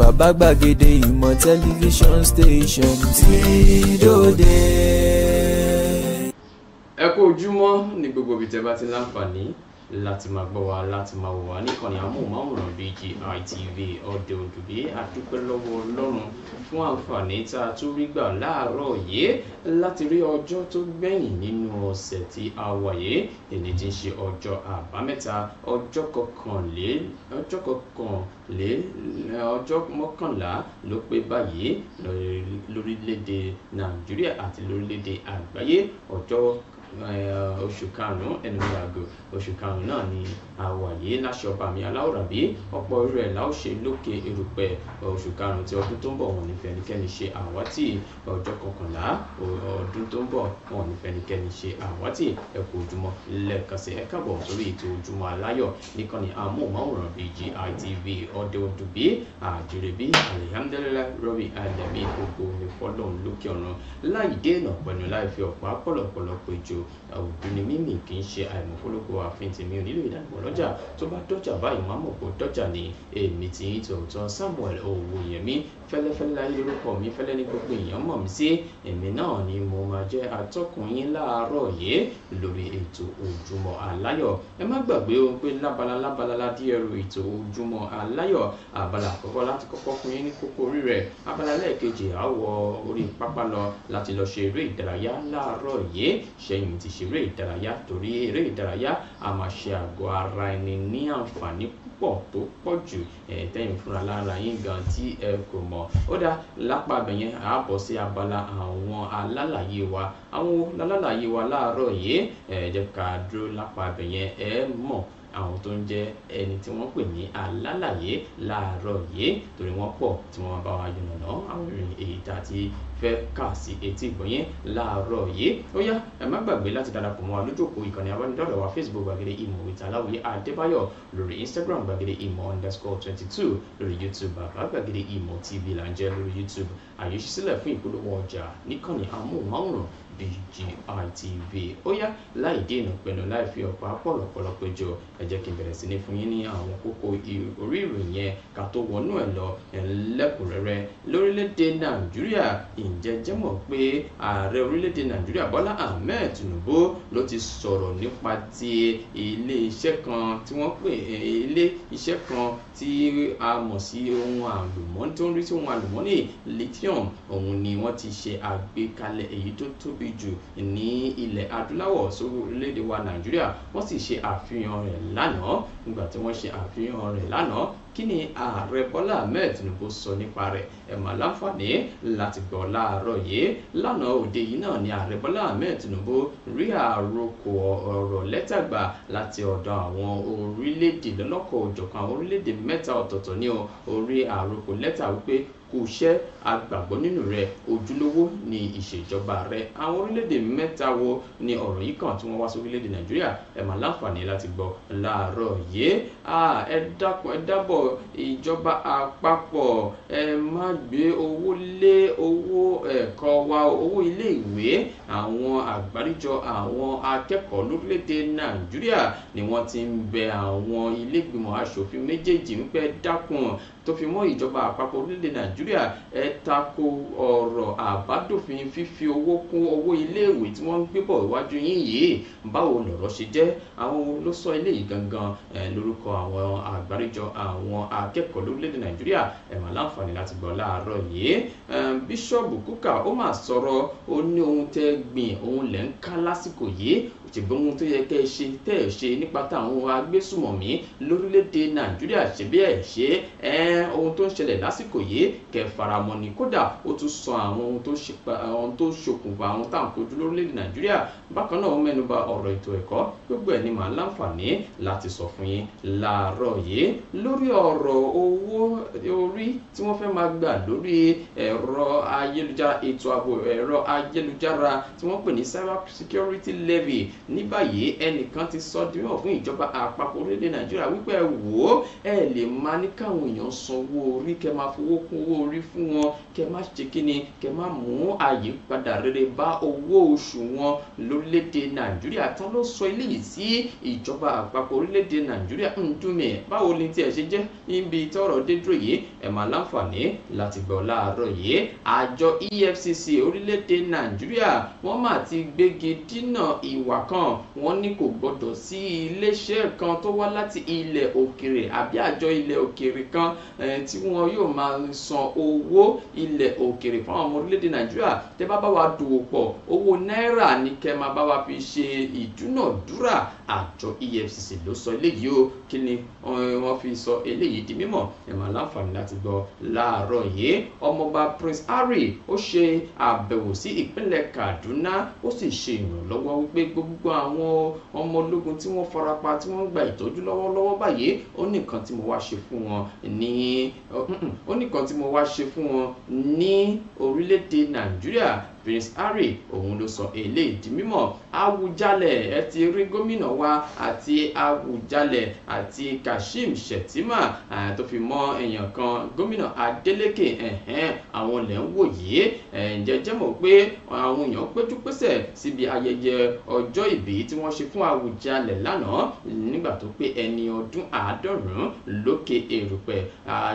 bàbá gbàgede ìmọ̀ tẹlifíṣọ̀n station ti dòde. ẹ kú ojúmọ́ ní gbogbo ibi tẹ́ bá ti láǹfààní láti máa gbọ́ wa láti máa wò wá níkànnì amóhùnmáwòrán BGI TV ọ̀dẹ̀ òdùbí àdúpẹ́ lọ́wọ́ ọlọ́run fún àǹfààní tá a tún rí gbà láàárọ̀ yìí láti rí ọjọ́ tó gbẹ̀yìn nínú ọ̀sẹ̀ tí a wà yìí èyí tí ń ṣe ọjọ́ àbámẹ́ta ọjọ́ kọkànlé ọjọ́ kọkànlé ọjọ́ mọ́kànlá ló pé báyìí lórílẹ̀‐èdè nàìjíríà àti lórílẹ̀‐èdè àgbáyé ọjọ́ oṣù karùn-ún ẹnu mi àgọ́ oṣù karùn-ún náà ni àwàyé láṣọba mi aláwòrábí ọ̀pọ̀ irú ẹ̀ láò ṣe lókè erùpẹ̀ oṣù karùn-ún ti ọdún tó ń bọ̀ wọn ní fẹnikẹ́ni ṣe àwátì ọjọ́ kọkànlá ọdún tó ń bọ̀ wọn ní fẹnikẹ́ni ṣe àwátì ẹ kú ojúmọ́ lẹ́ẹ̀kan sí ètò ojúmọ́ aláyọ̀ nìkànnì amóhùnmáwòrán BGI TV ọdẹ ọdún bíi àjèrèbí alihamdulilayi rọbì àdàbí gbogbo ìfọlọ́run lókè ọ̀run láì dé ìnà pẹ̀lú láì fi ọ̀pá pọ̀lọ̀pọ̀lọ̀ péjọ àwùjọ ni mímì kì í ṣe àìmọ̀fólógbò ààfin tèmi ò nílò ìdánimọ̀ lọ́jà tó bá dọ́jà báyìí máa mọ̀ pé dọ́jà ni èmi ti ń tòótọ́ Samuel Owóyẹmí fẹ́lẹ́fẹ́lẹ́ láyé lórúkọ mi fẹ́lẹ́ ní gbogbo èèyàn mọ̀ mí sí èmi náà ni mo máa jẹ́ atọ́kùn yín láàárọ̀ yìí lórí ètò ojúmọ́ aláyọ̀ ẹ má gbàgbé ohun pé lábala lábala ládí ẹrù ètò ojúmọ́ aláyọ̀ abala àkọ́kọ́ láti kọ́kọ́ fún yín ní kókó orí rẹ̀ abala lẹ́ẹ̀kejì àwọ̀ orí pápá lọ láti lọ ṣe eré ìdárayá láàárọ̀ yìí ṣẹ́yìn ti ìṣeré ìdárayá torí eré ìdárayá a máa ṣe àgọ́ ara ẹni ní àǹfààní púpọ̀ tó pọ̀ jù ẹ̀ẹ́dẹ́yìn fúnra lára yín gan tí ẹ kò mọ̀ ó dá lápá abẹ̀yẹn àábọ̀ sí abala àwọn alálàyé wa àwọn alálàyé wa láàárọ̀ yìí ẹ̀ẹ́dẹ́ ká dúró lápá abẹ̀yẹn ẹ mọ̀ àwọn tó ń jẹ́ ẹni tí wọ́n pè ní alálàyé láàárọ̀ yìí torí wọ́n pọ̀ tí wọ́n bá wa yànnàná àwọn ìròyìn èyí tá a ti fẹ́ kà sí etí ìgbọ̀nyẹn láàárọ̀ yìí ó yá ẹ má gbàgbé láti darapọ̀ mọ́ wa lójú òpó ìkànnì abánidọ́rẹ̀ wa facebook gbàgede ìmọ̀ with aláwòye adébáyọ̀ lórí instagram gbàgede ìmọ̀ underscore twenty two lórí youtube bàbá gbàgede ìmọ̀ tv là ń jẹ́ lórí youtube àyè ṣísílẹ̀ fún ìpolówó ọjà níkànnì amóhùnmáwòrán BGI TV ó yá láì dé ìnà pẹ̀lú láì fi ọ̀pá pọ̀lọ̀pọ̀lọpọ̀ jọ ẹ jẹ́ kí n bẹ̀rẹ̀ sí ní fún yín ní àwọn kókó orí ìròyìn yẹn ká tó wọnú ẹ̀ lọ ẹ̀ńlẹ́kùnrẹ́rẹ́ lórílẹ̀‐èdè nàìjíríà ǹjẹ́ jẹ́ mọ̀ pé ààrẹ orílẹ̀‐èdè nàìjíríà bọ́lá ahmed tinubu ló ti sọ̀rọ̀ nípa ti ilé iṣẹ́ kan tí wọ́n pè ilé iṣẹ́ kan tí a mọ̀ sí ohun àlùmọ́ọ́nì tó ń rí sí ohun àlùmọ́ọ́nì lithium òun ni wọ́n ti ṣe àgbékalẹ̀ èyí tó tóbi tóbi jù ní ilẹ̀ adúláwọ̀ sórílẹ̀-èdè wa nàìjíríà wọ́n sì ṣe àfihàn rẹ̀ lánàá nígbà tí wọ́n ṣe àfihàn rẹ̀ lánàá kí ni ààrẹ bọ́lá ahmed tinubu sọ nípa rẹ̀ ẹ máa láǹfààní láti gbọ́ láàárọ̀ yìí lánàá òde yìí náà ni ààrẹ bọ́lá ahmed tinubu rí àròkọ ọ̀rọ̀ lẹ́tàgbà láti ọ̀dọ̀ àwọn orílẹ̀-èdè lọ́lọ́kọ̀ orílẹ̀-èdè mẹ́ta ọ̀tọ̀ọ̀tọ̀ ní orí àròkọ lẹ́tà wípé kò ṣẹ́ agbàgbọ́ nínú rẹ̀ ojúlówó ni ìṣèjọba rẹ̀ àwọn orílẹ̀-èdè mẹ́ta wo ni ọ̀rọ̀ yìí kàn tí wọ́n wá sí orílẹ̀-èdè nàìjíríà ẹ máa láǹfààní láti gbọ́ láàárọ̀ yìí ẹ dákun ẹ dábọ̀ ìjọba àpapọ̀ ẹ má gbé owó lé owó ẹ̀kọ́ wa owó iléèwé àwọn àgbáríjọ àwọn akẹ́kọ̀ọ́ lórílẹ̀-èdè nàìjíríà ni wọ́n ti ń bẹ àwọn ilé ìgbìmọ̀ asòfin méjèèjì tó fi mọ́ ìjọba àpapọ̀ orílẹ̀-èdè nàìjíríà ẹ tako ọ̀rọ̀ àbádòfin fífi owó kún owó iléèwé tí wọ́n ń gbé bọ̀ iwájú yín yìí báwo lọ̀rọ̀ ṣe jẹ́ àwọn ló sọ eléyìí gangan lórúkọ àwọn àgbáríjọ àwọn akẹ́kọ̀ọ́ lórílẹ̀-èdè nàìjíríà ẹ̀ láǹfààní láti gbọ́ láàárọ̀ yìí bíṣọ̀bù kúkà ó mà sọ̀rọ̀ ó ní ohun tẹ́ gbìn òun lẹ́ ń ká lásìkò yìí ṣùgbọ́n ohun tó yẹ kẹ́ ẹ ṣe tẹ́ ẹ ṣe nípa táwọn agbésùmọ̀mí lórílẹ̀‐èdè nàìjíríà ṣe bí ẹ ṣe ohun tó ń ṣẹlẹ̀ lásìkò yìí kẹ́ ẹ faramọ́ ni kódà ó tún sọ àwọn ohun tó ṣokùnfà àwọn táwọn kojú lórílẹ̀‐èdè nàìjíríà bákan náà ó mẹ́nuba ọ̀rọ̀ ètò ẹ̀kọ́ gbogbo ẹ̀ ni màá láǹfààní láti sọ fún yín láàárọ̀ yìí lórí ọ̀rọ̀ owó orí tí wọ́n fẹ́ máa gbà lórí ẹ̀rọ ayélujára ètò ààbò ẹ̀rọ ayélujára tí wọ́n pè ní cyber security levy ní báyìí ẹnìkan ti sọ di mímọ̀ fún ìjọba àpapọ̀ orílẹ̀ nàìjíríà wípé ẹ wò ó ẹ lè máa ní káwọn èèyàn sanwó orí kẹ máa fowó kún owó orí fún wọn kẹ má ṣe kíni kẹ má mú àyípadà rere bá owó oṣù wọn lórílẹ̀‐èdè nàìjíríà tán ló sọ eléyìí sí ìjọba àpapọ̀ orílẹ̀‐èdè nàìjíríà ndúmẹ̀ báwo ni tiẹ̀ ṣe jẹ́ níbi tọ́rọ̀ dé yìí ẹ̀ máa láǹfààní láti gbọ́ láàárọ̀ yìí àjọ EFCC orílẹ̀‐èdè nàìjíríà wọ́n mà ti gbégi dínà ìwà kan náà wọ́n ní kò gbọ́dọ̀ sí iléeṣẹ́ kan tó wá láti ilẹ̀ òkèrè àbí àjọ ilẹ̀ òkèrè kan eh, tí wọn yóò máa san owó ilẹ̀ òkèrè fún àwọn ọmọ orílẹ̀-èdè nàìjíríà tẹ́ bá bá wa dòwò pọ̀ owó náírà ní kẹ́ máa bá wa fi ṣe ìdúnàdúrà àjọ EFCC ló sọ eléyìí o kí ni eh, wọ́n fi sọ eléyìí di mímọ̀ ẹ máa láǹfààní láti gbọ́ láàárọ̀ yìí ọmọọba Prince Harry ó ṣe àbẹ̀wò sí ìpínlẹ̀ Kaduna ó sì ṣe ìrànlọ́wọ́ wípé gbogbo gbogbo àwọn ọmọ ológun tí wọ́n farapa tí wọ́n gba ìtọ́jú lọ́wọ́lọ́wọ́ báyìí ó ní nǹkan tí mo wá ṣe fún wọn ní ó ní nǹkan tí mo wá ṣe fún wọn ní orílẹ̀-èdè Nàìjíríà Prince Harry òun ló sọ eléyìí di mímọ̀ Awùjalẹ̀ ẹ ti rí gómìnà wa àti Awùjalẹ̀ àti Kashim Shettima tó fi mọ́ èèyàn kan gómìnà Adeleke àwọn lẹ̀ ń wò yìí ǹjẹ́ jẹ́ mọ̀ pé àwọn èèyàn péjú pésẹ̀ síbi ayẹyẹ ọjọ́ ìbí tí wọ́n ṣe fún Awùjalẹ̀ lánàá nígbà tó pé ẹni ọdún àádọ́rùn-ún lókè èrùpẹ̀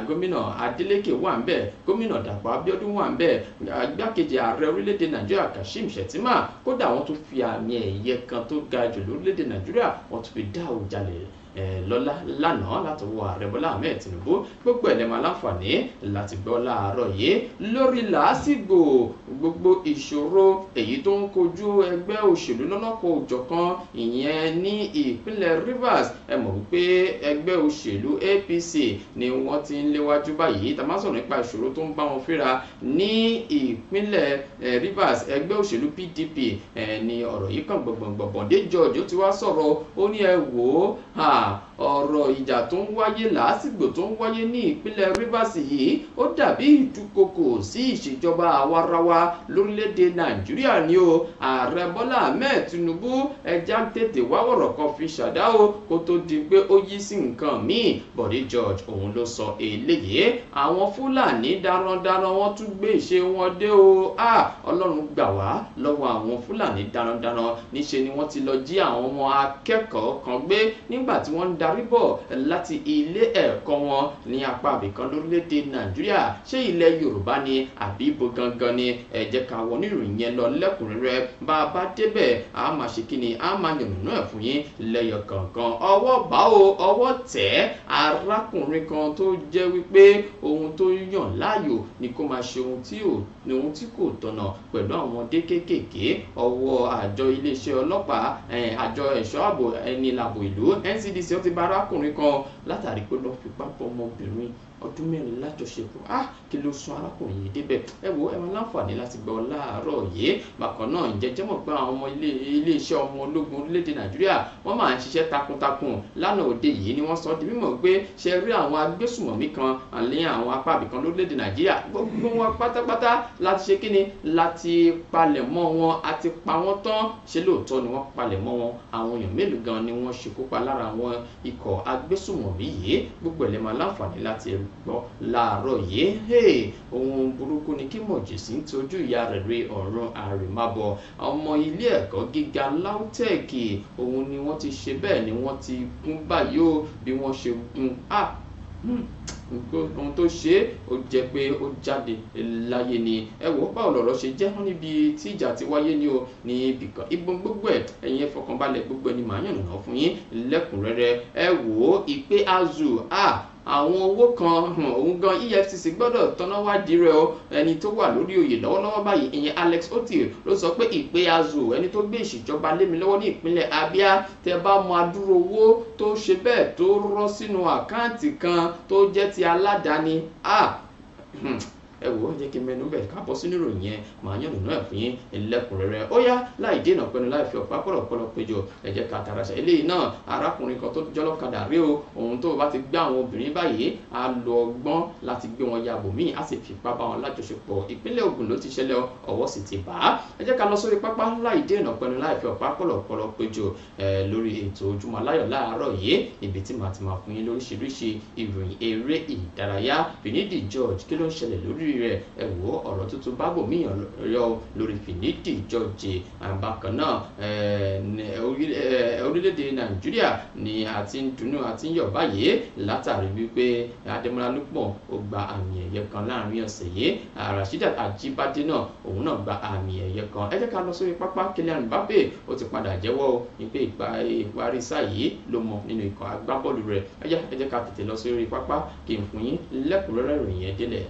gómìnà Adeleke wà ń bẹ̀ gómìnà Dàpọ̀ Abíọ́dún wà ń bẹ̀ igbákejì ààrẹ orílẹ̀-èdè Nàìjíríà Kashim Shettima kódà wọ́n tún fi àmì àmì ẹ̀yẹ kan tó ga jù lórílẹ̀‐èdè nàìjíríà wọ́n tún fi dá òun jalè Eh, lọ́lá lánàá látọwọ́ ààrẹ bọ́lá ahmed tinubu gbogbo ẹ̀lẹ́mọ̀ aláǹfààní láti gbọ́ láàárọ̀ yìí lórí làásìgbò gbogbo ìṣòro èyí tó ń kojú ẹgbẹ́ òṣèlú lọ́lọ́kọ̀ òjọ̀kan ìyẹn ní ìpínlẹ̀ rivers ẹ mọ̀ wípé ẹgbẹ́ òṣèlú apc ni wọ́n ti ń léwájú báyìí tá a máa sọ̀rọ̀ nípa ìṣòro tó ń bá wọn fínra ní ìpínlẹ̀ rivers ẹgbẹ́ òṣèlú pdp ni ọ̀rọ̀ yìí kan gbọ̀ngbọ̀ngbọ̀n dé george ó ti wá sọ̀rọ̀ ó ní ẹ wò ó 啊。ọ̀rọ̀ ìjà tó ń wáyé làásìgbò tó ń wáyé ní ìpínlẹ̀ Rivers yìí ó dàbí ìdúkokò sí ìṣèjọba àwarawa lórílẹ̀‐èdè Nàìjíríà ni o ààrẹ Bọ́lá Ahmed Tinubu ẹja ń tètè wá kan fi ṣàdá o kó tó di pé ó yí sí nǹkan míì Bọ̀dé George òun ló sọ eléyìí àwọn Fúlàní darandaran wọn tún gbé ìṣe wọn dé o Ọlọ́run gbà wá lọ́wọ́ àwọn Fúlàní darandaran níṣe ni wọ́n ti lọ jí àwọn ọmọ akẹ́kọ̀ọ́ kan gbé nígbà tí wọ́n ń d darí bọ̀ láti ilé ẹ̀kọ́ wọn ní apá àbìkan lórílẹ̀‐èdè nàìjíríà ṣé ilẹ̀ yorùbá ni àbí ibo gangan ni ẹ jẹ́ ká wọ níròyìn yẹn lọ lẹ́kùnrẹ́rẹ́ bá a bá débẹ̀ a máa ṣe kí ni a máa yànnàná ẹ̀ fún yín lẹ́yọ kankan ọwọ́ bá o ọwọ́ tẹ̀ arákùnrin kan tó jẹ́ wípé ohun tó yàn láàyò ni kó máa ṣe ohun tí kò tọ̀nà pẹ̀lú àwọn ọmọdé kéékèèké ọwọ́ àjọ iléeṣẹ́ ọlọ́pàá àjọ ẹ̀ṣọ́ ààbò ẹni làbò ìlú NCDC ó bá arákùnrin kan látàrí pé lọ́ọ́ fipá bọ́ ọmọbìnrin ọdún mẹ́rin lájọṣepọ̀ á ah, kí ló sún arákùnrin yìí débẹ̀ ẹ wo ẹ máa láǹfààní láti gbọ́ láàárọ̀ yìí bákan náà ǹjẹ́ jẹ́mọ̀ pé àwọn ọmọ ilé iṣẹ́ ọmọ ológun orílẹ̀-èdè nàìjíríà wọ́n máa ń ṣiṣẹ́ takuntakun lánàá òde yìí ni wọ́n sọ di mímọ̀ pé ṣe rí àwọn agbésùmọ̀mí kan àlẹ́ àwọn apábì kan lórílẹ̀-èdè nàìjíríà gbogbo wọn pátápátá láti ṣe kíni láti palẹ̀ mọ́ wọn àti pa wọ́n tán ṣe lóòótọ́ ni wọ́n palẹ̀ mọ́ wọn àwọn èèyàn mélòó gan ni wọ́n ṣekú pa lára àwọn ikọ̀ agbésùmọ̀mí yìí gbogbo ẹ̀lẹ́mọ̀ láǹfààní láti ẹrù gbọ́ láàárọ̀ yìí ohun burúkú ni kí mọ̀jèsí ń tọ́jú ìyá rẹ̀ rí ọ̀run àrèmábọ̀ ọmọ ilé ẹ̀kọ́ gíga LAUTECH òun ni wọ́n ti ṣe bẹ́ẹ̀ ni wọ́n ti gún báyìí ó bí wọ́n ṣe gún up hmm, ohun tó ṣe é ó jẹ pé ó jáde láyé ni ẹ wò ó báwo lọ̀rọ̀ ṣe jẹ́ wọ́n níbi tí ìjà ti wáyé ni o ní ibìkan ìbọn gbogbo ẹ̀ ẹ̀yin fọkànbalẹ̀ gbogbo ẹni màá yànnà fún yín lẹ́kùnrẹ́rẹ́ ẹ wò ó ìpè azù a àwọn owó kan òun gan EFCC gbọ́dọ̀ tọ́ná wádìí rẹ̀ o ẹni tó wà lórí oyè lọ́wọ́lọ́wọ́ báyìí ìyẹn Alex Otti ló sọ pé ìpè Azù ẹni tó gbé ìṣèjọba lémi lọ́wọ́ ní ìpínlẹ̀ Abia tẹ́ bá mọ adúrò owó tó ṣe bẹ́ẹ̀ tó rọ́ sínú àkáǹtì kan tó jẹ́ ti aládàáni hmm, ẹ wò ó jẹ́ kí n mẹ́nu bẹ̀ ká bọ́ sínú ìròyìn yẹn màá yànnà náà fún yín ẹlẹ́kùnrẹ́rẹ́ ó yá láì dènà pẹnu láì fi ọ̀pá pọ̀lọpọ̀lọ péjọ ẹ jẹ́ ká tara ṣe eléyìí náà arákùnrin kan tó jọlọ́kadà rí o òun tó bá ti gbá àwọn obìnrin báyìí á lo ọgbọ́n láti gbé wọn yàgò míì á sì fipá bá wọn lájọṣepọ̀ ìpínlẹ̀ Ògùn ló ti ṣẹlẹ̀ ọwọ́ sì ti bá ẹ jẹ́ ká lọ sórí pápá láì dènà pẹnu láì fi ọ̀pá pọ̀lọpọ̀lọ péjọ lórí ètò ojúmọ́ aláyọ̀ láàárọ̀ yìí ibi tí George kí ló ń ṣẹlẹ̀ lórí rẹ̀ ẹ wò ó tuntun bábò míyàn yọ lórí fìnídìí jọjì àbákan náà orílẹ̀-èdè nàìjíríà ni a ti ń dunnú a ti ń yọ̀ báyìí látàrí wípé adémọ́lá lúpọ̀ ó gba àmì ẹ̀yẹ kan láàrin ọ̀sẹ̀ yìí rasheedat ajibade náà òun náà gba àmì ẹ̀yẹ kan ẹ jẹ́ ká lọ sórí pápá Kylian Mbappe ó ti padà jẹ́wọ́ wípé ìparí sáà yìí ló mọ nínú ikọ̀ agbábọ́ọ̀lù rẹ̀ ẹ jẹ́ ká tètè lọ sórí pápá kí n fún yín lẹ́kùnrẹ́rẹ́ ìròyìn ẹ̀ délẹ̀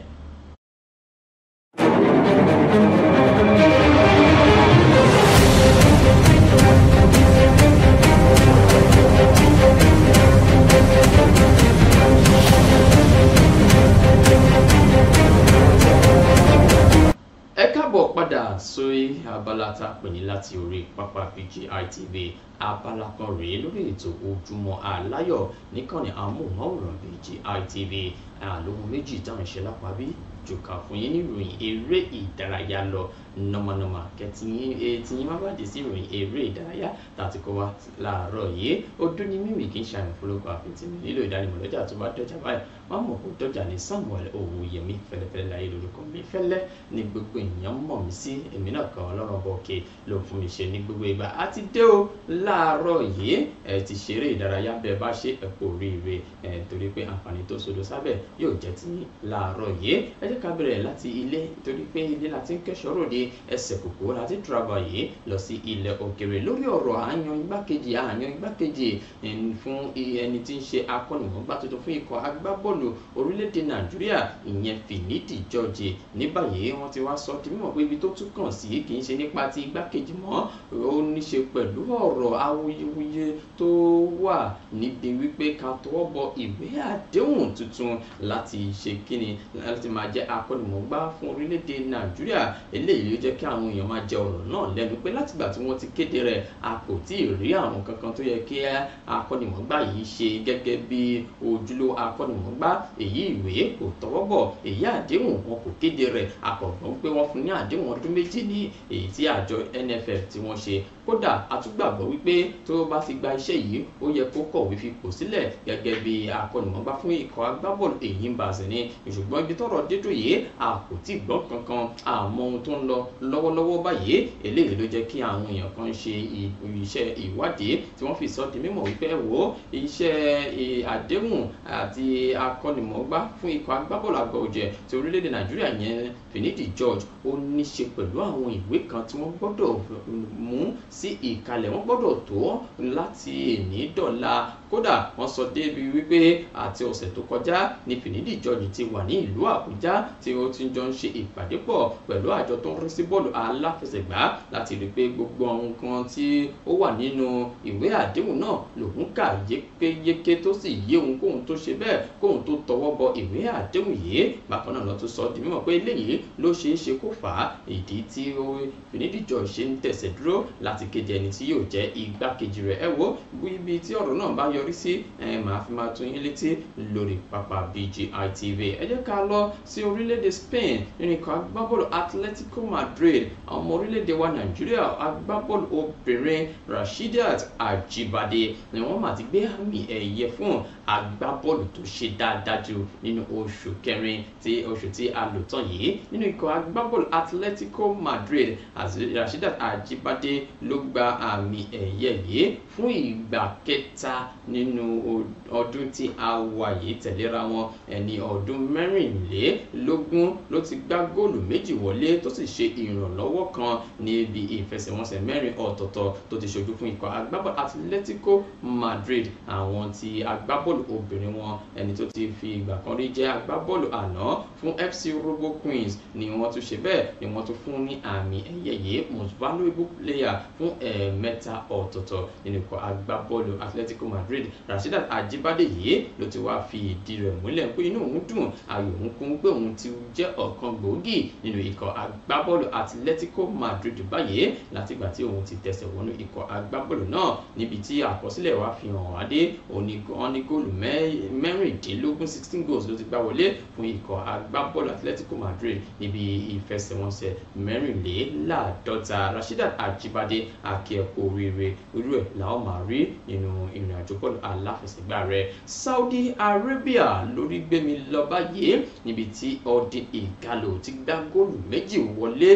sórí abala tá a pè ní láti orí pápá BGI TV abala kan rèé lórí ètò ojúmọ́ aláyọ̀ níkànnì amóhùnmáwòrán BGI TV àlòkù méjì tá à ń ṣe bí jùkà fún yín níròyìn eré ìdárayá lọ nọmọnọmọ kẹtìyìn e má bàjẹ́ sí ìròyìn eré ìdárayá tàti kó wa láàárọ̀ yìí ó dún ní mímì kì í ṣe àmì fúlọ́kọ àfitìmí nílò ìdánimọ̀ lọ́jà tó bá dọ̀jà báyìí wọ́n mọ̀ kó dọ̀jà ní Samuel Owóyẹmí fẹ́lẹ́fẹ́lẹ́ láyé lórúkọ mi fẹ́lẹ́ ní gbogbo èèyàn mọ̀ mí sí èmi náà kan ọlọ́run bọ̀ òkè ló fún mi ṣe ní gbogbo ìgbà á ti dé o láàárọ̀ yìí ẹ ti ṣeré ìdárayá bẹ bá ṣe ẹ̀pọ̀ oríire ẹ torí pé àǹfààní tó sodo sábẹ̀ yóò jẹ́ ti láàárọ̀ yìí ẹ jẹ́ ká bẹ̀rẹ̀ láti ilé torí pé ilé la ń kẹ́sọ̀rọ̀ òde ẹsẹ̀ kòkó láti turaba yìí lọ sí ilẹ̀ òkèrè lórí ọ̀rọ̀ àyàn igbákejì àyàn igbákejì eh, fún ẹni tí ń ṣe akọ́nìmọ̀gbá tuntun fún ikọ̀ agbábọ́ọ̀lù orílẹ̀-èdè nàìjíríà ìyẹn fìnídì jọ́ọ̀jì ní báyìí wọ́n ti wá sọ di mímọ̀ pé ibi tó tún kàn sí kì í ṣe nípa ti igbákejì mọ́ ó ní ṣe pẹ̀lú ọ̀rọ̀ awuyewuye tó wà níbi wípé ká tọwọ́ bọ ìwé àdéhùn tuntun láti ṣe kíni láti máa jẹ́ akọ́nìmọ̀gbá fún orílẹ̀-èdè nàìjíríà eléyìí yóò jẹ́ kí àwọn èèyàn máa jẹ ọ̀rọ̀ náà lẹ́nu pé látìgbà tí wọ́n ti kéde rẹ̀ a kò tí ì rí àwọn kankan tó yẹ kí akọ́nimọ̀ọ́gbá yìí ṣe gẹ́gẹ́ bí ojúlówó akọ́nimọ̀ọ́gbá èyí ìwé kò tọwọ́bọ̀ èyí àdéhùn wọn kò kéde rẹ̀ àkọ́gbọ́n pé wọ́n fún ní àdéhùn ọdún méjì ní èyí tí àjọ NFF tí wọ́n ṣe kódà àtúgbàgbọ́ wípé tó bá ti gba iṣẹ́ yìí ó yẹ kó kọ̀wé fipò sílẹ̀ gẹ́gẹ́ bí akọ́nimọ̀ọ́gbá fún ikọ̀ agbábọ́ọ̀lù èyí ń Barcelona ṣùgbọ́n ibi tọ́rọ̀ dédò yìí a kò tí gbọ́ kankan àmọ́ ohun tó ń lọ lọ́wọ́lọ́wọ́ báyìí eléyìí ló jẹ́ kí àwọn èèyàn kan ṣe iṣẹ́ ìwádìí tí wọ́n fi sọ di mímọ̀ wípé wo iṣẹ́ àdéhùn àti akọ́nimọ̀ọ́gbá fún ikọ̀ agbábọ́ọ̀lù àgbọ̀ọ̀jẹ̀ ti orílẹ̀-èdè nàìjíríà yẹn Finidi George ó ní ṣe pẹ̀lú àwọn ìwé kan tí wọ́n gbọ́dọ̀ mú sí ìkàlẹ̀ wọ́n gbọ́dọ̀ tó láti èní dọ́là kódà wọ́n sọ débi wípé àti ọ̀sẹ̀ tó kọjá ní Finidi George ti wà ní ìlú Àbújá tí ó ti jọ ń ṣe ìpàdé pọ̀ pẹ̀lú àjọ tó ń rí sí bọ́ọ̀lù aláfẹsẹ̀gbá láti rí pé gbogbo nǹkan tí ó wà nínú ìwé àdéhùn náà lòun kà yékéyéké tó sì yé òun kóun tó ṣe bẹ́ẹ̀ kóun tó tọwọ́ bọ ìwé àdéhùn yìí bákan náà lọ́tún sọ di mímọ̀ pé eléyìí ló ṣeé ṣe kó fà á ìdí tí Finidi George ṣe ń tẹ̀sẹ̀ dúró láti kéde ẹni tí yóò jẹ́ igbákejì rẹ̀ ẹ wo ibi tí yọrí sí màá fi máa tún yín létí lórí pápá BGI TV ẹ jẹ́ ká lọ sí orílẹ̀-èdè Spain nínú ikọ̀ agbábọ́ọ̀lù Atletico Madrid àwọn ọmọ orílẹ̀-èdè wa Nàìjíríà agbábọ́ọ̀lù obìnrin Rasheedat Ajibade ni wọ́n máa ti gbé àmì ẹ̀yẹ fún agbábọ́ọ̀lù tó ṣe dáadáa jù nínú oṣù kẹrin ti oṣù tí a lò tán yìí nínú ikọ̀ agbábọ́ọ̀lù Atletico Madrid Rasheedat Ajibade ló gba àmì ẹ̀yẹ yìí fún ìgbà kẹta nínú ọdún tí a wà yìí tẹ̀léra wọn ẹni ọdún mẹ́rìnlélógún ló ti gbá góòlù méjì wọlé tó sì ṣe ìrànlọ́wọ́ kan níbi ìfẹsẹ̀wọnsẹ̀ mẹ́rin ọ̀tọ̀ọ̀tọ̀ tó ti ṣojú fún ikọ̀ agbábọ́ọ̀lù Atlético Madrid àwọn ti agbábọ́ọ̀lù obìnrin wọn ẹni tó ti fi ìgbà kan rí jẹ́ agbábọ́ọ̀lù àná fún FC Robo Queens ni wọ́n tún ṣe bẹ́ẹ̀ ni wọ́n tún fún ní àmì ẹ̀yẹ yìí most valuable player fún ẹ̀ẹ̀mẹ́ta ọ̀tọ̀ọ̀tọ̀ nínú ikọ̀ agbábọ́ọ̀lù Atlético Madrid madrid rasheedat ajibade yìí ló ti wá fi ìdí rẹ̀ múlẹ̀ pé inú òun dùn ayò òun kún pé òun ti jẹ́ ọ̀kan gbòógì nínú ikọ̀ agbábọ́ọ̀lù atletico madrid báyìí látìgbà tí òun ti tẹsẹ̀ wọnú ikọ̀ agbábọ́ọ̀lù náà níbi tí àkọsílẹ̀ wa fi hàn wádé òun ní góòlù mẹ́rìndínlógún sixteen goals ló ti gbá wọlé fún ikọ̀ agbábọ́ọ̀lù atletico madrid níbi ìfẹsẹ̀wọnsẹ̀ mẹ́rìnléláàádọ́ta rasheedat ajibade akẹ́kọ̀ọ́ rere irú ẹ̀ làwọn máa rí nínú ìrìn bọ́ọ̀lù aláfẹsẹ̀gbá rẹ̀ Saudi Arabia lórí gbẹ̀mí lọ báyìí níbi tí Odin Igalo ti gbá góòlù méjì wọlé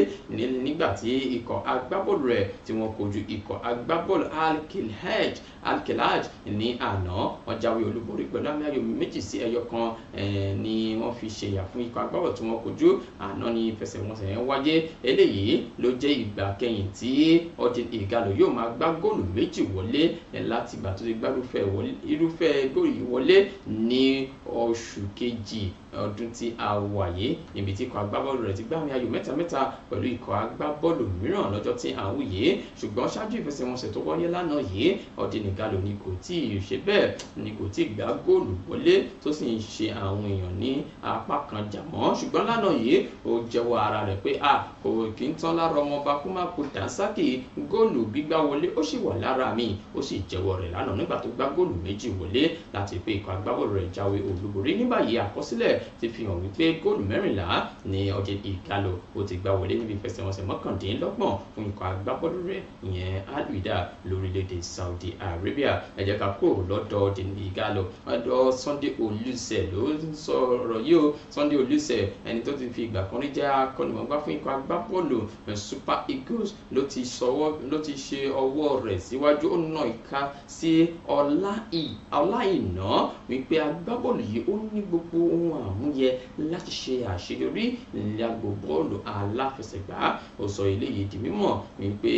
nígbà tí ikọ̀ agbábọ́ọ̀lù rẹ̀ tí wọ́n kojú ikọ̀ agbábọ́ọ̀lù Al-Khilaj alkelaj ní àná wọ́n jáwé olúborí pẹ̀lú àmì ayò méjì sí ẹyọ kan ni wọ́n fi ṣe ìyà fún ikọ̀ agbábọ̀ tí wọ́n kojú àná ni ìfẹsẹ̀wọnsẹ̀ yẹn wáyé eléyìí ló jẹ́ ìgbà kẹyìn tí Odin Igalo yóò máa gbá góòlù méjì wọlé láti ìgbà tó ti gbárùfẹ́ irúfẹ́ góòlù yìí wọlé ní oṣù kejì ọdún tí a wà yìí ibi tí ikọ̀ agbábọ́ọ̀lù rẹ̀ ti gbá mi ayò mẹ́ta mẹ́ta pẹ̀lú ikọ̀ agbábọ́ọ̀lù mìíràn lọ́jọ́ tí à ń wù yìí ṣùgbọ́n ṣáájú ìfẹsẹ̀wọnsẹ̀ tó wáyé lánàá yìí ọdí nìgalò ni kò tí ì ṣe bẹ́ẹ̀ ni kò tí ì gbá góòlù wọlé tó sì ń ṣe àwọn èèyàn ní apá kan jàmọ́ ṣùgbọ́n lánàá yìí ó jẹ́wọ́ ara rẹ̀ pé a kò kí ń tán lára ọmọọba kó má kó dànsákì góòlù gbígbá wọlé ó sì wà lára mi ó sì jẹ́wọ́ rẹ̀ lánàá nígbà tó gbá góòlù méjì wọlé láti pé ikọ̀ agbábọ́ọ̀lù rẹ̀ jáwé olúborí ní àkọsílẹ̀ ti fi hàn wípé góòlù mẹ́rìnlá ni ọjẹ́ ìgalò ó ti gbá wọlé níbi ìfẹsẹ̀wọnsẹ̀ mọ́kàndínlọ́gbọ̀n fún ikọ̀ agbábọ́ọ̀lù rẹ̀ ìyẹn alwida lórílẹ̀‐èdè Saudi Arabia ẹ jẹ́ ká kúrò lọ́dọ̀ dèmí ìgalò ọ̀dọ̀ Sunday Olùsẹ̀ ló ń sọ̀rọ̀ yìí o Sunday Olùsẹ̀ ẹni tó ti fi ìgbà kan rí jẹ́ akọ́nimọ̀gbá fún ikọ̀ agbábọ́ọ̀lù eh, Super Eagles ló ti ṣe ọwọ́ rẹ̀ síwájú ó nà ìka sí ọlá ìná wípé agbábọ́ọ̀lù yìí ó ní gbogbo ohun àwọn àmúyẹ láti ṣe àṣeyọrí lágbo bọ́ọ̀lù aláfẹsẹ̀gbá ó sọ eléyìí di mímọ̀ wípé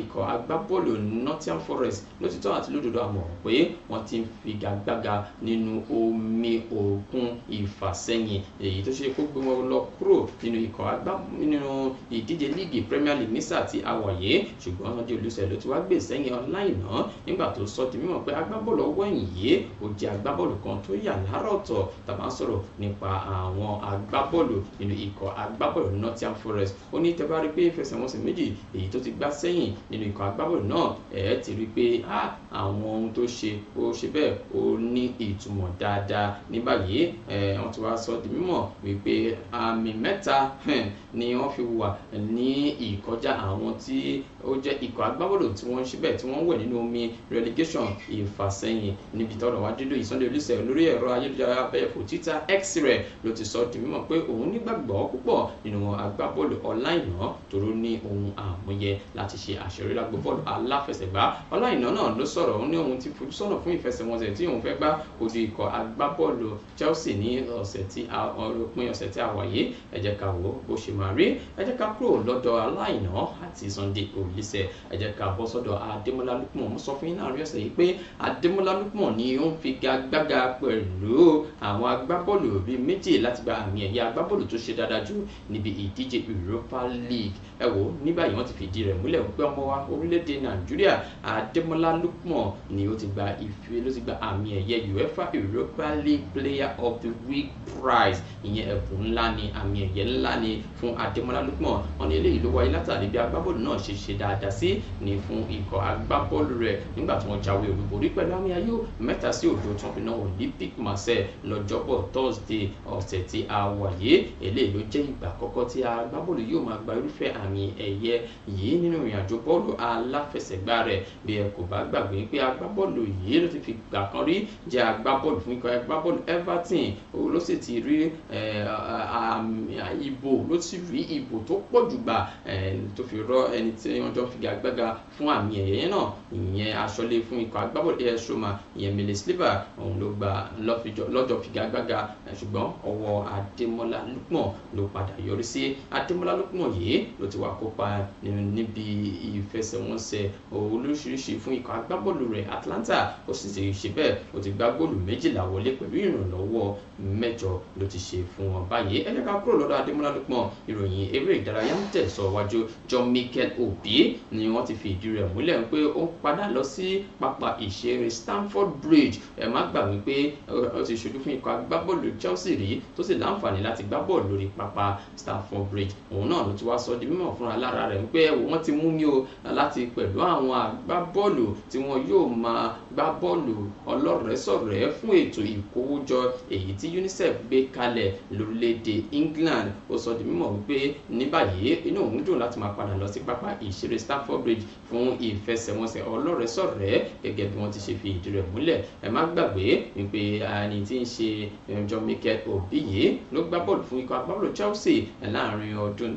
ikọ̀ agbábọ́ọ̀lù Nottingham Forest lótìtọ́ àti lódodo àmọ̀ pé wọ́n ti ń figagbága nínú omi òkun ìfàsẹ́yìn èyí tó ṣe kó gbé wọn lọ kúrò nínú ikọ̀ agbá nínú ìdíje líìgì Premier League nísà tí a wà yìí ṣùgbọ́n wọ́n di olùsẹ̀ ló ti wá gbè sẹ́yìn ọláìná nígbà tó sọ sọ̀rọ̀ nípa àwọn agbábọ́ọ̀lù nínú ikọ̀ agbábọ́ọ̀lù Nottingham Forest ó ní tẹ́ rí pé ìfẹsẹ̀wọnsẹ̀ méjì èyí tó ti gbá sẹ́yìn nínú ikọ̀ agbábọ́ọ̀lù náà ẹ̀ ti rí pé ah, àwọn ohun tó ṣe ó ṣe bẹ́ẹ̀ ó ní ìtumọ̀ dáadáa ní báyìí wọ́n ti wá sọ di mímọ̀ wípé àmì mẹ́ta ni wọ́n fi wà ní ìkọjá àwọn tí ó jẹ́ ikọ̀ agbábọ́dọ̀ tí wọ́n ṣe bẹ́ẹ̀ tí wọ́n wẹ̀ nínú omi relegation ìfàsẹ́yìn níbi tọ́rọ̀ wá dídò Sunday Olúṣẹ̀ lórí ẹ̀rọ ayélujára abẹ́yẹ̀fò títà x ray ló ti sọ di mímọ̀ pé òun nígbàgbọ́ púpọ̀ nínú agbábọ́ọ̀lù Ọláìná tòró ní ohun àmúyẹ láti ṣe àṣeyọrí lágbo bọ́ọ̀lù aláfẹsẹ̀gbá Ọláìná náà ló sọ sọ̀rọ̀ ó ní òun ti fojú sọ́nà fún ìfẹsẹ̀wọnsẹ̀ tí òun fẹ́ gbá odi ikọ̀ agbábọ́ọ̀lù Chelsea ní ọ̀sẹ̀ tí a òpin ọ̀sẹ̀ tí a wà yìí ẹ jẹ́ ká wò bó ṣe máa rí ẹ jẹ́ ká kúrò lọ́dọ̀ aláìná àti Sunday Olise ẹ jẹ́ ká bọ́ sọ́dọ̀ Adémọ́lá Lukman mo sọ fún yín láàrin ọ̀sẹ̀ yìí pé Adémọ́lá Lukman ni ó ń figagbága pẹ̀lú àwọn agbábọ́ọ̀lù bíi méjì láti gba àmì ẹ̀yẹ agbábọ́ọ̀lù tó ṣe dáadáa jù níbi ìdíje Europa League ẹ wò ní báyìí wọ́n ti fìdí rẹ̀ múlẹ̀ wípé ọmọ wa orílẹ̀-èdè Nàìjíríà Adémọ́lá Lukman Lookman ni ó ti gba ife ló ti gba àmì ẹ̀yẹ UEFA Europa League Player of the Week prize ìyẹn ẹ̀bùn ńlá ni àmì ẹ̀yẹ ńlá ni fún Adémọ́lá Lookman ọ̀nà eléyìí ló wáyé látàrí bí agbábọ́ọ̀lù náà ṣe ṣe dáadáa sí ni fún ikọ̀ agbábọ́ọ̀lù rẹ̀ nígbà tí wọ́n jáwé olúborí pẹ̀lú àmì ayò mẹ́ta sí òdo tó fi náà Olympic Marseille lọ́jọ́bọ̀ Thursday ọ̀sẹ̀ tí a wà yìí eléyìí ló jẹ́ ìgbà àkọ́kọ́ tí agbábọ́ọ̀lù yóò máa gba irúfẹ́ àmì ẹ̀yẹ yìí nínú ìrìnàjò bọ́ọ̀lù aláfẹsẹ̀gbá rẹ̀ bí ẹ kò bá gbàgbé gbàgbé pé agbábọ́ọ̀lù yìí ló ti fi gbà kan rí jẹ́ agbábọ́ọ̀lù fún ikọ̀ agbábọ́ọ̀lù Everton òun ló sì ti rí ìbò ló ti rí ìbò tó pọ̀ jù gbà tó fi rọ ẹni tí wọ́n jọ figagbága fún àmì ẹ̀yẹ yẹn náà ìyẹn aṣọlé fún ikọ̀ agbábọ́ọ̀lù AS Roma ìyẹn Miles Silva òun ló gba lọ́jọ́ figagbága ṣùgbọ́n ọwọ́ Adémọ́lá Lukman ló padà yọrí sí Adémọ́lá Lukman yìí ló ti wà kópa níbi ìfẹsẹ̀wọnsẹ̀ olóṣìṣ agbábọ́ọ̀lù rẹ̀ Atlanta ó sì ti ṣe bẹ́ẹ̀ ó ti gbá góòlù méjìlá wọlé pẹ̀lú ìrànlọ́wọ́ mẹ́jọ ló ti ṣe fún wọn báyìí ẹ jẹ́ ká kúrò lọ́dọ̀ Adémọ́lá Lópọ̀n ìròyìn eré ìdárayá ń tẹ̀sọ̀ wájú John Mikel Obi ni wọ́n ti fi ìdí rẹ̀ múlẹ̀ pé ó ń padà lọ sí pápá ìṣeré Stamford Bridge ẹ má gbà wípé ó ti ṣojú fún ikọ̀ agbábọ́ọ̀lù Chelsea rí tó sì láǹfààní láti gbá bọ́ọ̀lù lórí pápá Stamford Bridge òun náà ló ti wá sọ di mímọ̀ fúnra lára rẹ̀ wípé wọ́n ti mú mi o wọn yóò máa gbá bọ́ọ̀lù ọlọ́rẹ̀ẹ́sọ̀rẹ́ fún ètò ìkówójọ èyí tí UNICEF gbé kalẹ̀ lórílẹ̀‐èdè England ó sọ di mímọ̀ wípé ní báyìí inú òun dùn láti máa padà lọ sí pápá ìṣeré Stamford Bridge fún ìfẹsẹ̀wọnsẹ̀ ọlọ́rẹ̀ẹ́sọ̀rẹ́ gẹ́gẹ́ bí wọ́n ti ṣe fi ìdí rẹ̀ múlẹ̀ ẹ má gbàgbé wípé ẹni tí ń ṣe eh, John Mikel Obi yìí ló gbá bọ́ọ̀lù fún ikọ̀ agbábọ́ọ̀lù Chelsea láàrin ọdún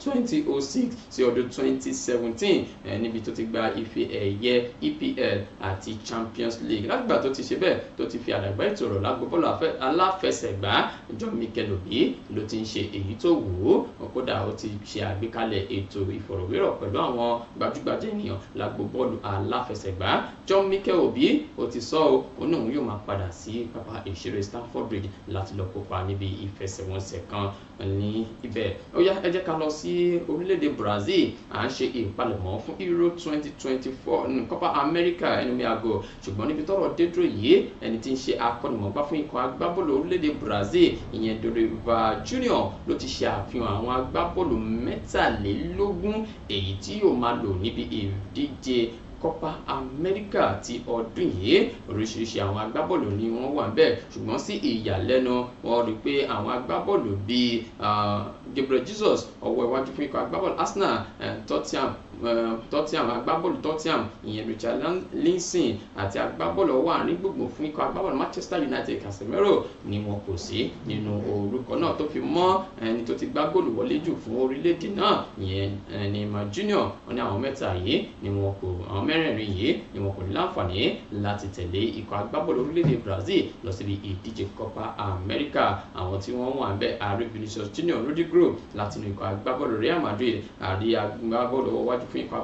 2006 sí ọdún 2017 eh, níbi tó ti gba ife ẹ̀yẹ EPL àti Champions League látìgbà tó ti ṣe bẹ́ẹ̀ tó ti fi àdàgbà ètò ọ̀rọ̀ lágbóbọ́ọ̀lù aláfẹsẹ̀gbá John Mikel Obi ló ti ń ṣe èyí tó wù ú kódà ó ti ṣe àgbékalẹ̀ ètò ìfọ̀rọ̀wérọ̀ pẹ̀lú àwọn gbajúgbajà ènìyàn lágbóbọ́ọ̀lù aláfẹsẹ̀gbá John Mikel Obi ó ti sọ ọ́ ó náà yóò máa padà sí pápá ìṣeré Stamford Bridge láti lọ kópa níbi ìfẹsẹ̀wọnsẹ̀ kan ní ibẹ̀ ó yá ẹ jẹ́ ká lọ sí orílẹ̀-èdè Brazil à ń ṣe ìpalẹ̀mọ́ fún Euro 2024 ní Copa America ẹni mi àgọ́ ṣùgbọ́n níbi tọ́rọ̀ dédúró yìí ẹni tí ń ṣe akọ́nimọ̀gbá fún ikọ̀ agbábọ́ọ̀lù orílẹ̀-èdè Brazil ìyẹn Doriva Junior ló ti ṣe àfihàn àwọn agbábọ́ọ̀lù mẹ́tàlélógún èyí tí yóò máa lò níbi ìdíje Copa America ti ọdún yìí oríṣiríṣi àwọn agbábọ́ọ̀lù ni wọ́n wà ń bẹ̀ ṣùgbọ́n sí ìyàlẹ́nu wọ́n rí pé àwọn agbábọ́ọ̀lù bíi ah, Gabriel Jesus ọwọ́ iwájú fún ikọ̀ agbábọ́ọ̀lù Arsenal eh, Tottenham eh, Tottenham agbábọ́ọ̀lù Tottenham ìyẹn Richard Linson àti agbábọ́ọ̀lù ọwọ́ àárín gbùngbùn fún ikọ̀ agbábọ́ọ̀lù Manchester United Casemiro ni wọn kò sí nínú orúkọ náà tó fi mọ́ ẹni tó ti gbá góòlù wọlé jù fún orílẹ̀-èdè náà ìyẹn eh, Neymar Junior wọn ní àwọn mẹ́ta yìí ni wọn kò àwọn mẹ́rẹ̀ẹ̀rin yìí ni wọn kò ní láǹfààní láti tẹ̀lé ikọ̀ agbábọ́ọ̀lù orílẹ̀-èdè Brazil lọ síbi ìdíje Copa America àwọn tí wọ́n wà ń bẹ́ ààrẹ Vinicius Junior Rodrigo Negro látinú ikọ̀ agbábọ́ọ̀lù Real Madrid àrí agbábọ́ọ̀lù ọwọ́wájú fún ikọ̀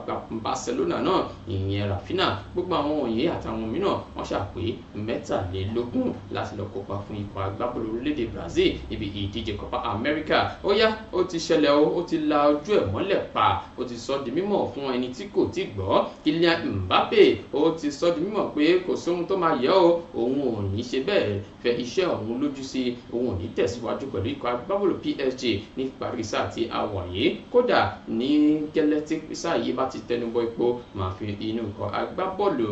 Barcelona náà ìyẹn Rafinha gbogbo àwọn wọ̀nyí àtàwọn mìíràn wọ́n ṣàpè mẹ́tàlélógún láti lọ kópa fún ikọ̀ agbábọ́ọ̀lù orílẹ̀-èdè Brazil níbi ìdíje Copa America ó yá ó ti ṣẹlẹ̀ o ó ti la ojú ẹ̀ mọ́lẹ̀ pa ó ti sọ di mímọ̀ fún ẹni tí kò ti gbọ́ Kylian Mbappe ó ti sọ di mímọ̀ pé kò sóhun tó máa yẹ o òun ò ní ṣe bẹ́ẹ̀ fẹ́ iṣẹ́ òun lójú sí òun ò ní tẹ̀síwájú pẹ̀lú ikọ̀ agbábọ́ọ̀lù PSG nípa rísà tí a wọ̀ yìí kódà ní gẹ́lẹ́ tí rísà yìí bá ti tẹnubọ epo máa fi inú ikọ̀ agbábọ́ọ̀lù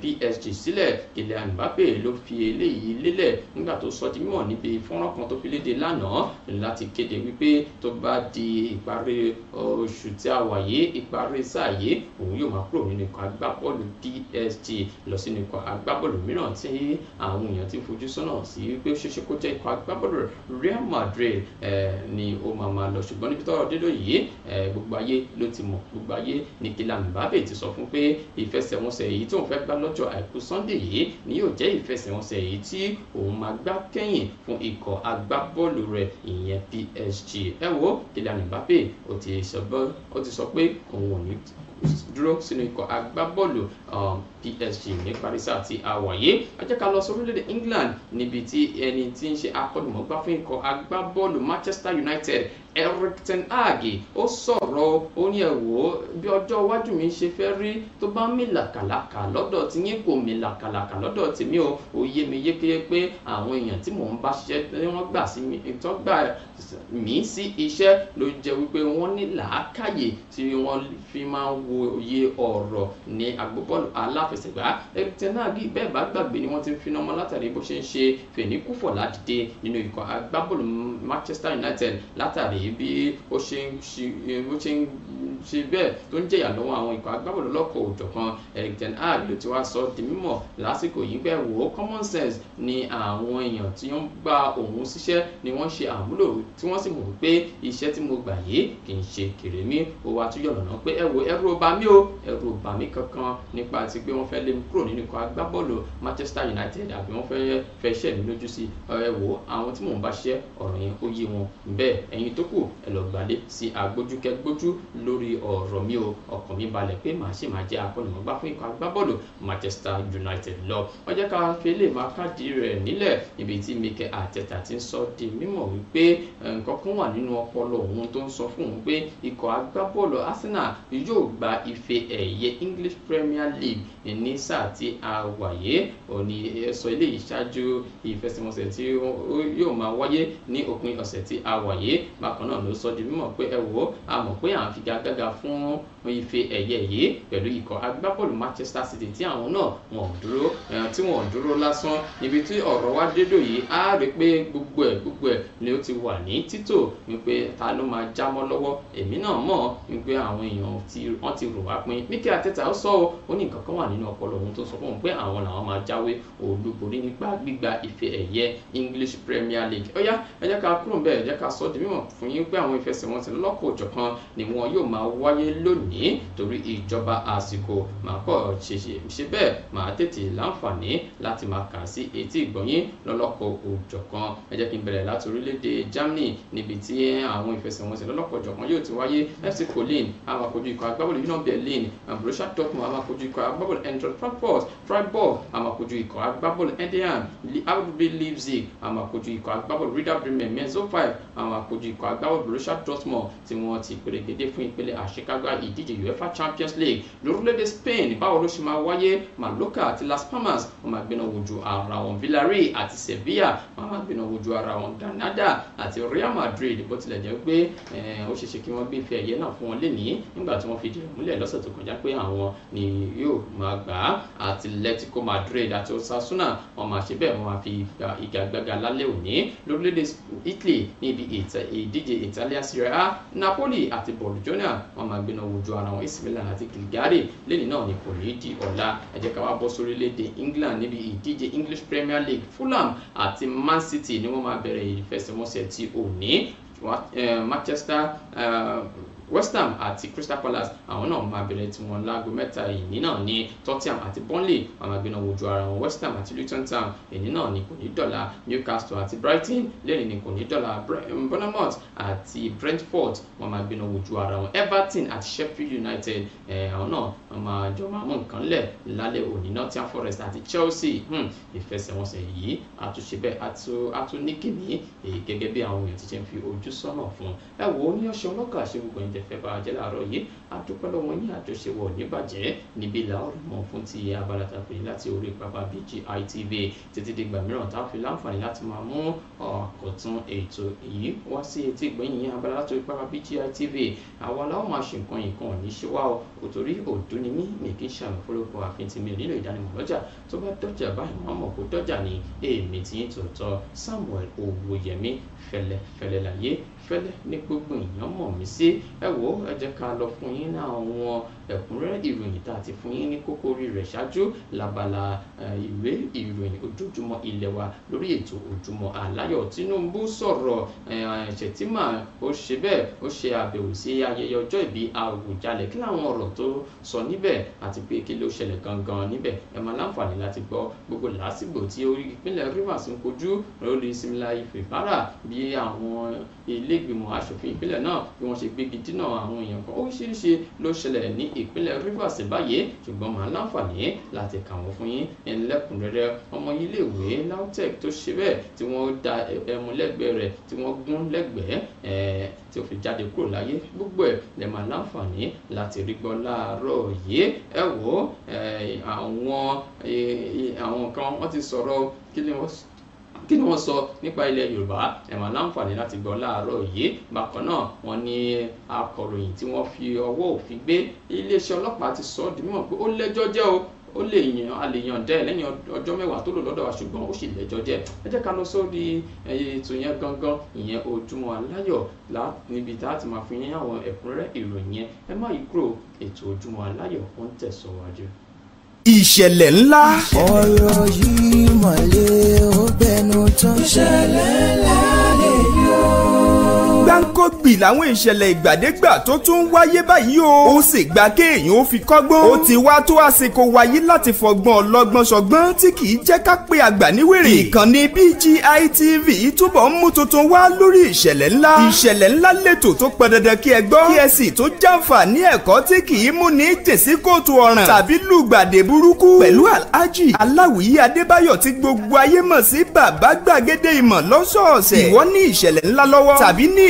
PSG sílẹ̀ Kylian Mbappe ló fi eléyìí lélẹ̀ nígbà tó sọ di mímọ̀ níbi fọ́nrán kan tó fi léde lánàá láti kéde wípé tó bá di ìparí oṣù tí a wà yìí ìparí sáà yìí òun yóò máa kúrò nínú ikọ̀ agbábọ́ọ̀lù PSG lọ sínú ikọ̀ agbábọ́ọ̀lù mìíràn tí àwọn èèyàn ti fojú sọ́nà sí wípé ó ṣeéṣe Real Madrid ni máa máa lọ ṣùgbọ́n níbi tọ́rọ̀ dédò yìí gbogbo ayé ló ti mọ̀ gbogbo ayé ní Kylian Mbappe ti sọ fún pé ìfẹsẹ̀wọnsẹ̀ èyí tí òun fẹ́ gbá lọ́jọ́ àìkú Sunday yìí ni yóò jẹ́ ìfẹsẹ̀wọnsẹ̀ èyí tí òun máa gbá kẹ́yìn fún ikọ̀ agbábọ́ọ̀lù rẹ̀ ìyẹn PSG ẹ wo Kylian Mbappe ó ti sọ pé òun ò ní dúró sínú ikọ̀ agbábọ́ọ̀lù um, PSG ní paris àti àwọ̀yé ajẹ́ ká lọ sí orílẹ̀-èdè England níbi tí ẹni tí ń ṣe akọ́nìmọ̀gbá fún ikọ̀ agbábọ́ọ̀lù Manchester United Erik ten Hag ó sọ̀rọ̀ ó ní ẹ̀wò bí ọjọ́ iwájú mi ṣe fẹ́ rí tó bá mí làkàlàkà lọ́dọ̀ tí yín kò mí làkàlàkà lọ́dọ̀ tèmi o ò yé mi yékéyé pé àwọn èèyàn tí mò ń bá ṣiṣẹ́ tí wọ́n gbà sí mi tó gbà mí sí iṣẹ́ ló jẹ́ wípé wọ́n ní làákàyè tí wọ́n fi máa ń w òye ọ̀rọ̀ ní agbábọ́ọ̀lù aláfẹsẹ̀gbá ẹ̀rìtẹ̀ náà bí bẹ́ẹ̀ bá gbàgbé ni wọ́n ti ń fi náà mọ́ látàrí bó ṣe ń ṣe fẹ̀níkúfọ̀lá dìde nínú ikọ̀ agbábọ́ọ̀lù Manchester United látàrí bí ó ṣe ń ṣe bẹ́ẹ̀ tó ń jẹ̀yà lọ́wọ́ àwọn ikọ̀ agbábọ́ọ̀lù lọ́kọ̀ òjọ̀kan Eric ten Hag ló ti wá sọ di mímọ̀ lásìkò yìí pé wò ó common sense ni àwọn èèyàn tí wọ́n gba òun síṣẹ́ ni wọ́n ṣe àmúlò tí wọ́n sì mọ̀ pé iṣẹ́ tí mo gbà yìí kì í ṣe kèrèmí ó wá tún yọ̀nà pé ẹ wo ẹrú bà mí o ẹ̀rù ò bà mí kankan nípa ti pé wọ́n fẹ́ lé mi kúrò nínú ikọ̀ agbábọ́ọ̀lù Manchester United àbí wọ́n fẹ́ fẹ́ ṣẹ̀ mí lójú sí ẹ wò àwọn tí mò ń bá ṣiṣẹ́ ọ̀rọ̀ yẹn ó yé wọn bẹ́ẹ̀ ẹ̀yin tó kù ẹ lọ gbàlé sí agbójúkẹgbójú lórí ọ̀rọ̀ mi o ọkàn mi balẹ̀ pé màá sì máa jẹ́ akọ́nìmọ̀gbá fún ikọ̀ agbábọ́ọ̀lù Manchester United lọ wọ́n jẹ́ ká fi lè máa káàdì rẹ̀ nílẹ̀ ibi tí Mikel Arteta ti ń sọ di mímọ̀ wípé nǹkan kan wà nínú ọpọlọ òun tó ń sọ gba ife ẹ̀yẹ English Premier League ní sáà tí a wà yìí òní sọ eléyìí ṣáájú ìfẹsẹ̀wọnsẹ̀ tí yóò máa wáyé ní òpin ọ̀sẹ̀ tí a wà yìí bákan náà ló sọ di mímọ̀ pé ẹ wò ó a mọ̀ pé à ń figagbága fún ife ẹ̀yẹ yìí pẹ̀lú ikọ̀ agbábọ́ọ̀lù Manchester City tí àwọn náà wọ́n dúró eh, tí wọ́n dúró lásán ibi tí ọ̀rọ̀ wa dédò yìí á rí pé gbogbo ẹ̀ gbogbo ẹ̀ ni ó ti wà ní títò wípé ta ló máa já mọ́ lọ́wọ́ èmi náà mọ̀ wípé àwọn èèyàn wọ́n ti rò wá pin Mikel Arteta ó sọ ó ní nǹkan kan wà nínú ọpọlọ òun tó sọ fún òun pé àwọn làwọn máa jáwé olúborí nípa gbígba ife ẹ̀yẹ English Premier League ó yá ẹ jẹ́ ká kúrò ń bẹ̀ ẹ jẹ́ ká sọ ọ́ di mímọ̀ fún yín pé àwọn ìfẹsẹ̀wọnsẹ̀ lọ́kọ̀ọ̀jọ̀kan ni wọn yóò máa wáyé lónìí lónìí torí ìjọba àsìkò màá kọ́ ṣèṣe ṣe bẹ́ẹ̀ màá tètè láǹfààní láti máa kà sí etí ìgbọ̀nyín lọ́lọ́kọ̀ òjọ̀kan ẹ jẹ́ kí n bẹ̀rẹ̀ láti orílẹ̀-èdè Germany níbi tí àwọn ìfẹsẹ̀wọnsẹ̀ lọ́lọ́kọ̀ òjọ̀kan yóò ti wáyé FC Köln á máa ikọ̀ agbábọ́ọ̀lù Union Berlin Borussia Dortmund á máa kojú ikọ̀ agbábọ́ọ̀lù Eintracht Frankfurt Freiburg á máa kojú ikọ̀ agbábọ́ọ̀lù Evian RB Leipzig á máa kojú ikọ̀ agbábọ́ọ̀lù Werder Bremen Mainz 05 á máa ìdíje UEFA Champions League lórílẹ̀‐èdè Spain báwo ló ṣe máa wáyé Mallorca àti Las Palmas wọ́n máa gbéná wojú ara wọn Villarreal àti Sevilla wọ́n máa gbéná wojú ara wọn Granada àti Real Madrid bó tilẹ̀ jẹ́ pé eh, ó ṣeéṣe kí wọ́n gbé ife ẹ̀yẹ náà fún wọn lénìí nígbà tí wọ́n fi dìrẹ̀ múlẹ̀ lọ́sẹ̀ tó kọjá pé àwọn ni yóò máa gbà á Atletico Madrid àti Osasuna wọ́n máa ṣe bẹ́ẹ̀ wọ́n máa fi ìgagbága lálẹ́ òní lórílẹ̀‐èdè Italy níbi ìdíje Italia Serie A Napoli àti Bologna wọ́n máa gbéná wojú ju ara wọn ismaila àti Kilgarry lẹ́ni náà ni kò ní í di ọ̀la ẹ jẹ́ wá bọ́ sórílẹ̀-èdè England níbi ìdíje English Premier League Fulham àti Man City ni wọ́n máa bẹ̀rẹ̀ ìfẹsẹ̀wọnsẹ̀ ti òní eh, Manchester uh, West Ham àti Crystal Palace àwọn náà máa bẹ̀rẹ̀ tiwọn láago mẹ́ta ìní náà ní Tottenham àti Burnley wọn máa gbéná wojú ara wọn West Ham àti Luton Town ìní náà ní kò ní dọ̀la Newcastle àti Brighton lẹ́yìn ní kò ní dọ̀la um, Bournemouth àti Brentford wọn máa gbéná wojú ara wọn Everton àti Sheffield United àwọn náà wọn máa jọ máa mú nǹkan lẹ̀ lálẹ́ òní Nottingham Forest àti Chelsea hmm, ìfẹsẹ̀wọnsẹ̀ yìí àtúnṣe bẹ́ẹ̀ àtúnikìní gẹ́gẹ́ bí àwọn èèyàn ti ṣe ń fi ojú sọ́nà fún ẹ wò ó ní ọ̀ṣọ́ ọlọ́kà fẹ́ bá jẹ́ láàárọ̀ yìí àdúpẹ́ lọ́wọ́ yín àjọṣewọ̀ níbàjẹ́ níbí làárọ̀ mọ̀ fún ti abala tá a pè láti orí pápá BGI TV títí dìgbà mìíràn tá a fi láǹfààní láti máa mú ọ̀kọ̀tún ètò yìí wá sí etí ìgbẹ̀yìn abala láti orí pápá BGI TV àwa láwọn máa ṣe nǹkan yìí kan ní ṣíwá o òtòrí òdú ni mí mi kì í ṣàmì fọlọ́kọ àfin tí mi nílò ìdánimọ̀ lọ́jà tó bá dọ́jà báyìí máa mọ̀ kó dọ́jà ní èmi tí ń tòótọ́ Samuel Owóyẹmí fẹlẹ́fẹlẹ́ láyé fẹ́lẹ́ ní gbogbo èèyàn mọ̀ mí sí ẹ wò ó ẹ jẹ́ ká lọ fún yín ní àwọn ẹ̀kúnrẹ́rẹ́ ìròyìn tá a ti fún yín ní kókó orí rẹ̀ ṣáájú labala ìwé ìròyìn ojoojúmọ́ ilẹ̀ wa lórí ètò ojúmọ́ aláyọ̀ Tinubu sọ̀rọ̀ Shettima ó ṣe bẹ́ẹ̀ ó ṣe àbẹ̀wò sí ayẹyẹ ọjọ́ ìbí Àwùjalẹ̀ kí làwọn ọ̀rọ̀ tó sọ níbẹ̀ àti pé kí ló ṣẹlẹ̀ gangan níbẹ̀ ẹ máa láǹfààní láti gbọ́ gbogbo lásìgbò tí orí ìpínlẹ̀ Rivers ń kojú lórí ìsinmi ìfìbára bí àwọn ilé ìgbìmọ̀ asòfin ìpínlẹ̀ náà bí wọ́n ṣe gbégi dínà àwọn èèyàn kan oríṣiríṣi ló ṣẹlẹ̀ ní ìpínlẹ̀ Rivers báyìí ṣùgbọ́n màá láǹfààní láti kà wọ́n fún yín ẹlẹ́kùnrẹ́rẹ́ ọmọ iléèwé LAUTECH tó ṣe bẹ́ẹ̀ tí wọ́n da ẹmu lẹ́gbẹ̀ẹ́ rẹ̀ tí wọ́n gún lẹ́gbẹ̀ẹ́ tí ó fi jáde kúrò láyé gbogbo ẹ̀ lè máa láǹfààní láti rí gbọ́ láàárọ̀ yìí ẹ wò ó àwọn àwọn kan wọ́n ti sọ̀rọ̀ kí ni wọ́n kí ni wọ́n sọ nípa ilẹ̀ yorùbá ẹ máa láǹfààní láti gbọ́ láàárọ̀ yìí bákan náà wọ́n ní akọ̀ròyìn tí wọ́n fi ọwọ́ òfin gbé iléeṣẹ́ ọlọ́pàá ti sọ ọ́ di mímọ̀ pé ó lẹ́jọ́ jẹ́ o ó lè yan a lè yan dẹ́ lẹ́yìn ọjọ́ mẹ́wàá tó lò lọ́dọ̀ wa ṣùgbọ́n ó sì lẹ́jọ́ jẹ́ ẹ jẹ́ ká lọ sórí ètò yẹn gangan ìyẹn ojúmọ́ aláyọ̀ níbi tá a ti máa fi yín àwọn ẹ̀kúnrẹ́rẹ́ ìròyìn yẹn ẹ má yí kúrò ètò ojúmọ́ aláyọ̀ ó ń tẹ̀síwájú ìṣẹ̀lẹ̀ ńlá. ọ̀rọ̀ yìí mọ̀lẹ́ ó bẹnu tán. ìṣẹ̀lẹ̀ ńlá gbáǹkógbì làwọn ìṣẹ̀lẹ̀ ìgbàdégbà tó tún ń wáyé báyìí o ó sì gba kéèyàn ó fi kọ́gbọ́n ó ti wá tó àsìkò wáyé láti fọgbọ́n ọlọ́gbọ́n ṣọgbọ́n tí kì í jẹ́ ká pé àgbà níwèrè ìkànnì BGI TV túbọ̀ ń mú tuntun wá lórí ìṣẹ̀lẹ̀ ńlá ìṣẹ̀lẹ̀ ńlá lẹ́tò tó pẹ́ dandan kí ẹ gbọ́ kí ẹ sì tó jàǹfààní ẹ̀kọ́ tí kì í mú ní tèsí kóòtù ọ̀ràn tàbí lùgbàdé burúkú pẹ̀lú alhaji aláwìyí adébáyọ̀ tí gbogbo ayé mọ̀ sí bàbá gbàgede ìmọ̀ lọ́sọ̀ọ̀sẹ̀ ìwọ ní ìṣẹ̀lẹ̀ ńlá lọ́wọ́ tàbí ní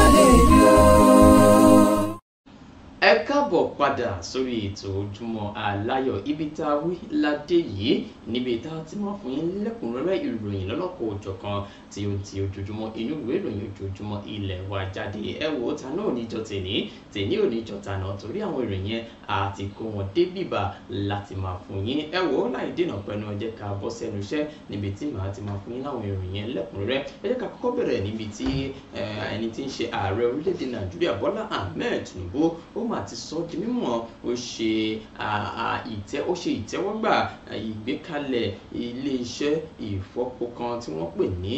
ẹ káàbọ̀ padà sórí ètò ojúmọ́ aláyọ̀ ibi tá a wí ládé yìí níbi tá a ti máa fún yín lẹ́kùnrẹ́rẹ́ ìròyìn lọ́lọ́kọ̀ òjọ̀kan tí ó ti ojoojúmọ́ inú ìwé ìròyìn ojoojúmọ́ ilẹ̀ wa jáde ẹ wò ó ta náà oníjọ tèní tèní oníjọ tànà torí àwọn ìròyìn yẹn àti kó wọn dé bìbà láti máa fún yín ẹ wò ó láì dènà pẹ̀lú ẹ jẹ́ ká bọ́ sẹ́nu iṣẹ́ níbi tí màá ti máa fún yín láwọn ìròyìn yẹn lẹ́kùnrẹ́rẹ́ ẹ jẹ́ ká kọ́kọ́ bẹ̀rẹ̀ níbi tí ẹni tí ń ṣe ààrẹ orílẹ̀-èdè Nàìjíríà Bọ́lá Ahmed Tinubu ó mà ti sọ ọ́ di mímọ̀ ó ṣe ìtẹ́ ó ṣe ìtẹ́wọ́gbà ìgbékalẹ̀ iléeṣẹ́ ìfọpo kan tí wọ́n pè ní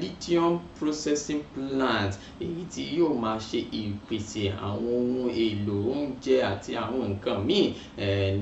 lithium processing plant èyí tí yóò máa ṣe ìpèsè àwọn ohun èlò oúnjẹ àti àwọn nǹkan míì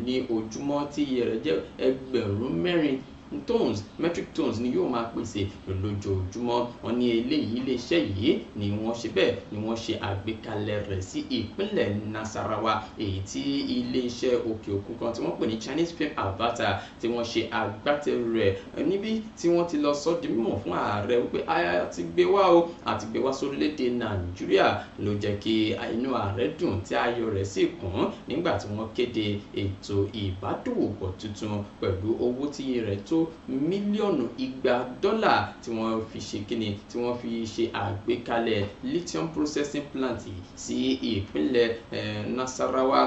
ní ojúmọ́ tí iye rẹ̀ jẹ́ ẹgbẹ̀rún mẹ́rin tones metric tones ni yóò máa pèsè lójoojúmọ́ wọn ní eléyìí iléeṣẹ́ yìí ni wọ́n ṣe bẹ́ẹ̀ ni wọ́n ṣe àgbékalẹ̀ rẹ̀ sí ìpínlẹ̀ Nasarawa èyí tí iléeṣẹ́ òkè òkun kan tí wọ́n pè ní Chinese Film Avata tí wọ́n ṣe agbátẹrù rẹ̀ níbi tí wọ́n ti lọ sọ di mímọ̀ fún ààrẹ wípé a ti gbé wá o àti gbé wá sórílẹ̀-èdè Nàìjíríà ló jẹ́ kí inú ààrẹ dùn tí ayọ̀ rẹ̀ sì kún nígbà tí wọ́n kéde ètò ìbádòwòpọ̀ tuntun pẹ̀lú owó tí rẹ̀ tó mílíọ̀nù igba dọ́là tí wọ́n fi ṣe kíni tí wọ́n fi ṣe àgbékalẹ̀ lithium processing plant sí ìpínlẹ̀ eh, Nasarawa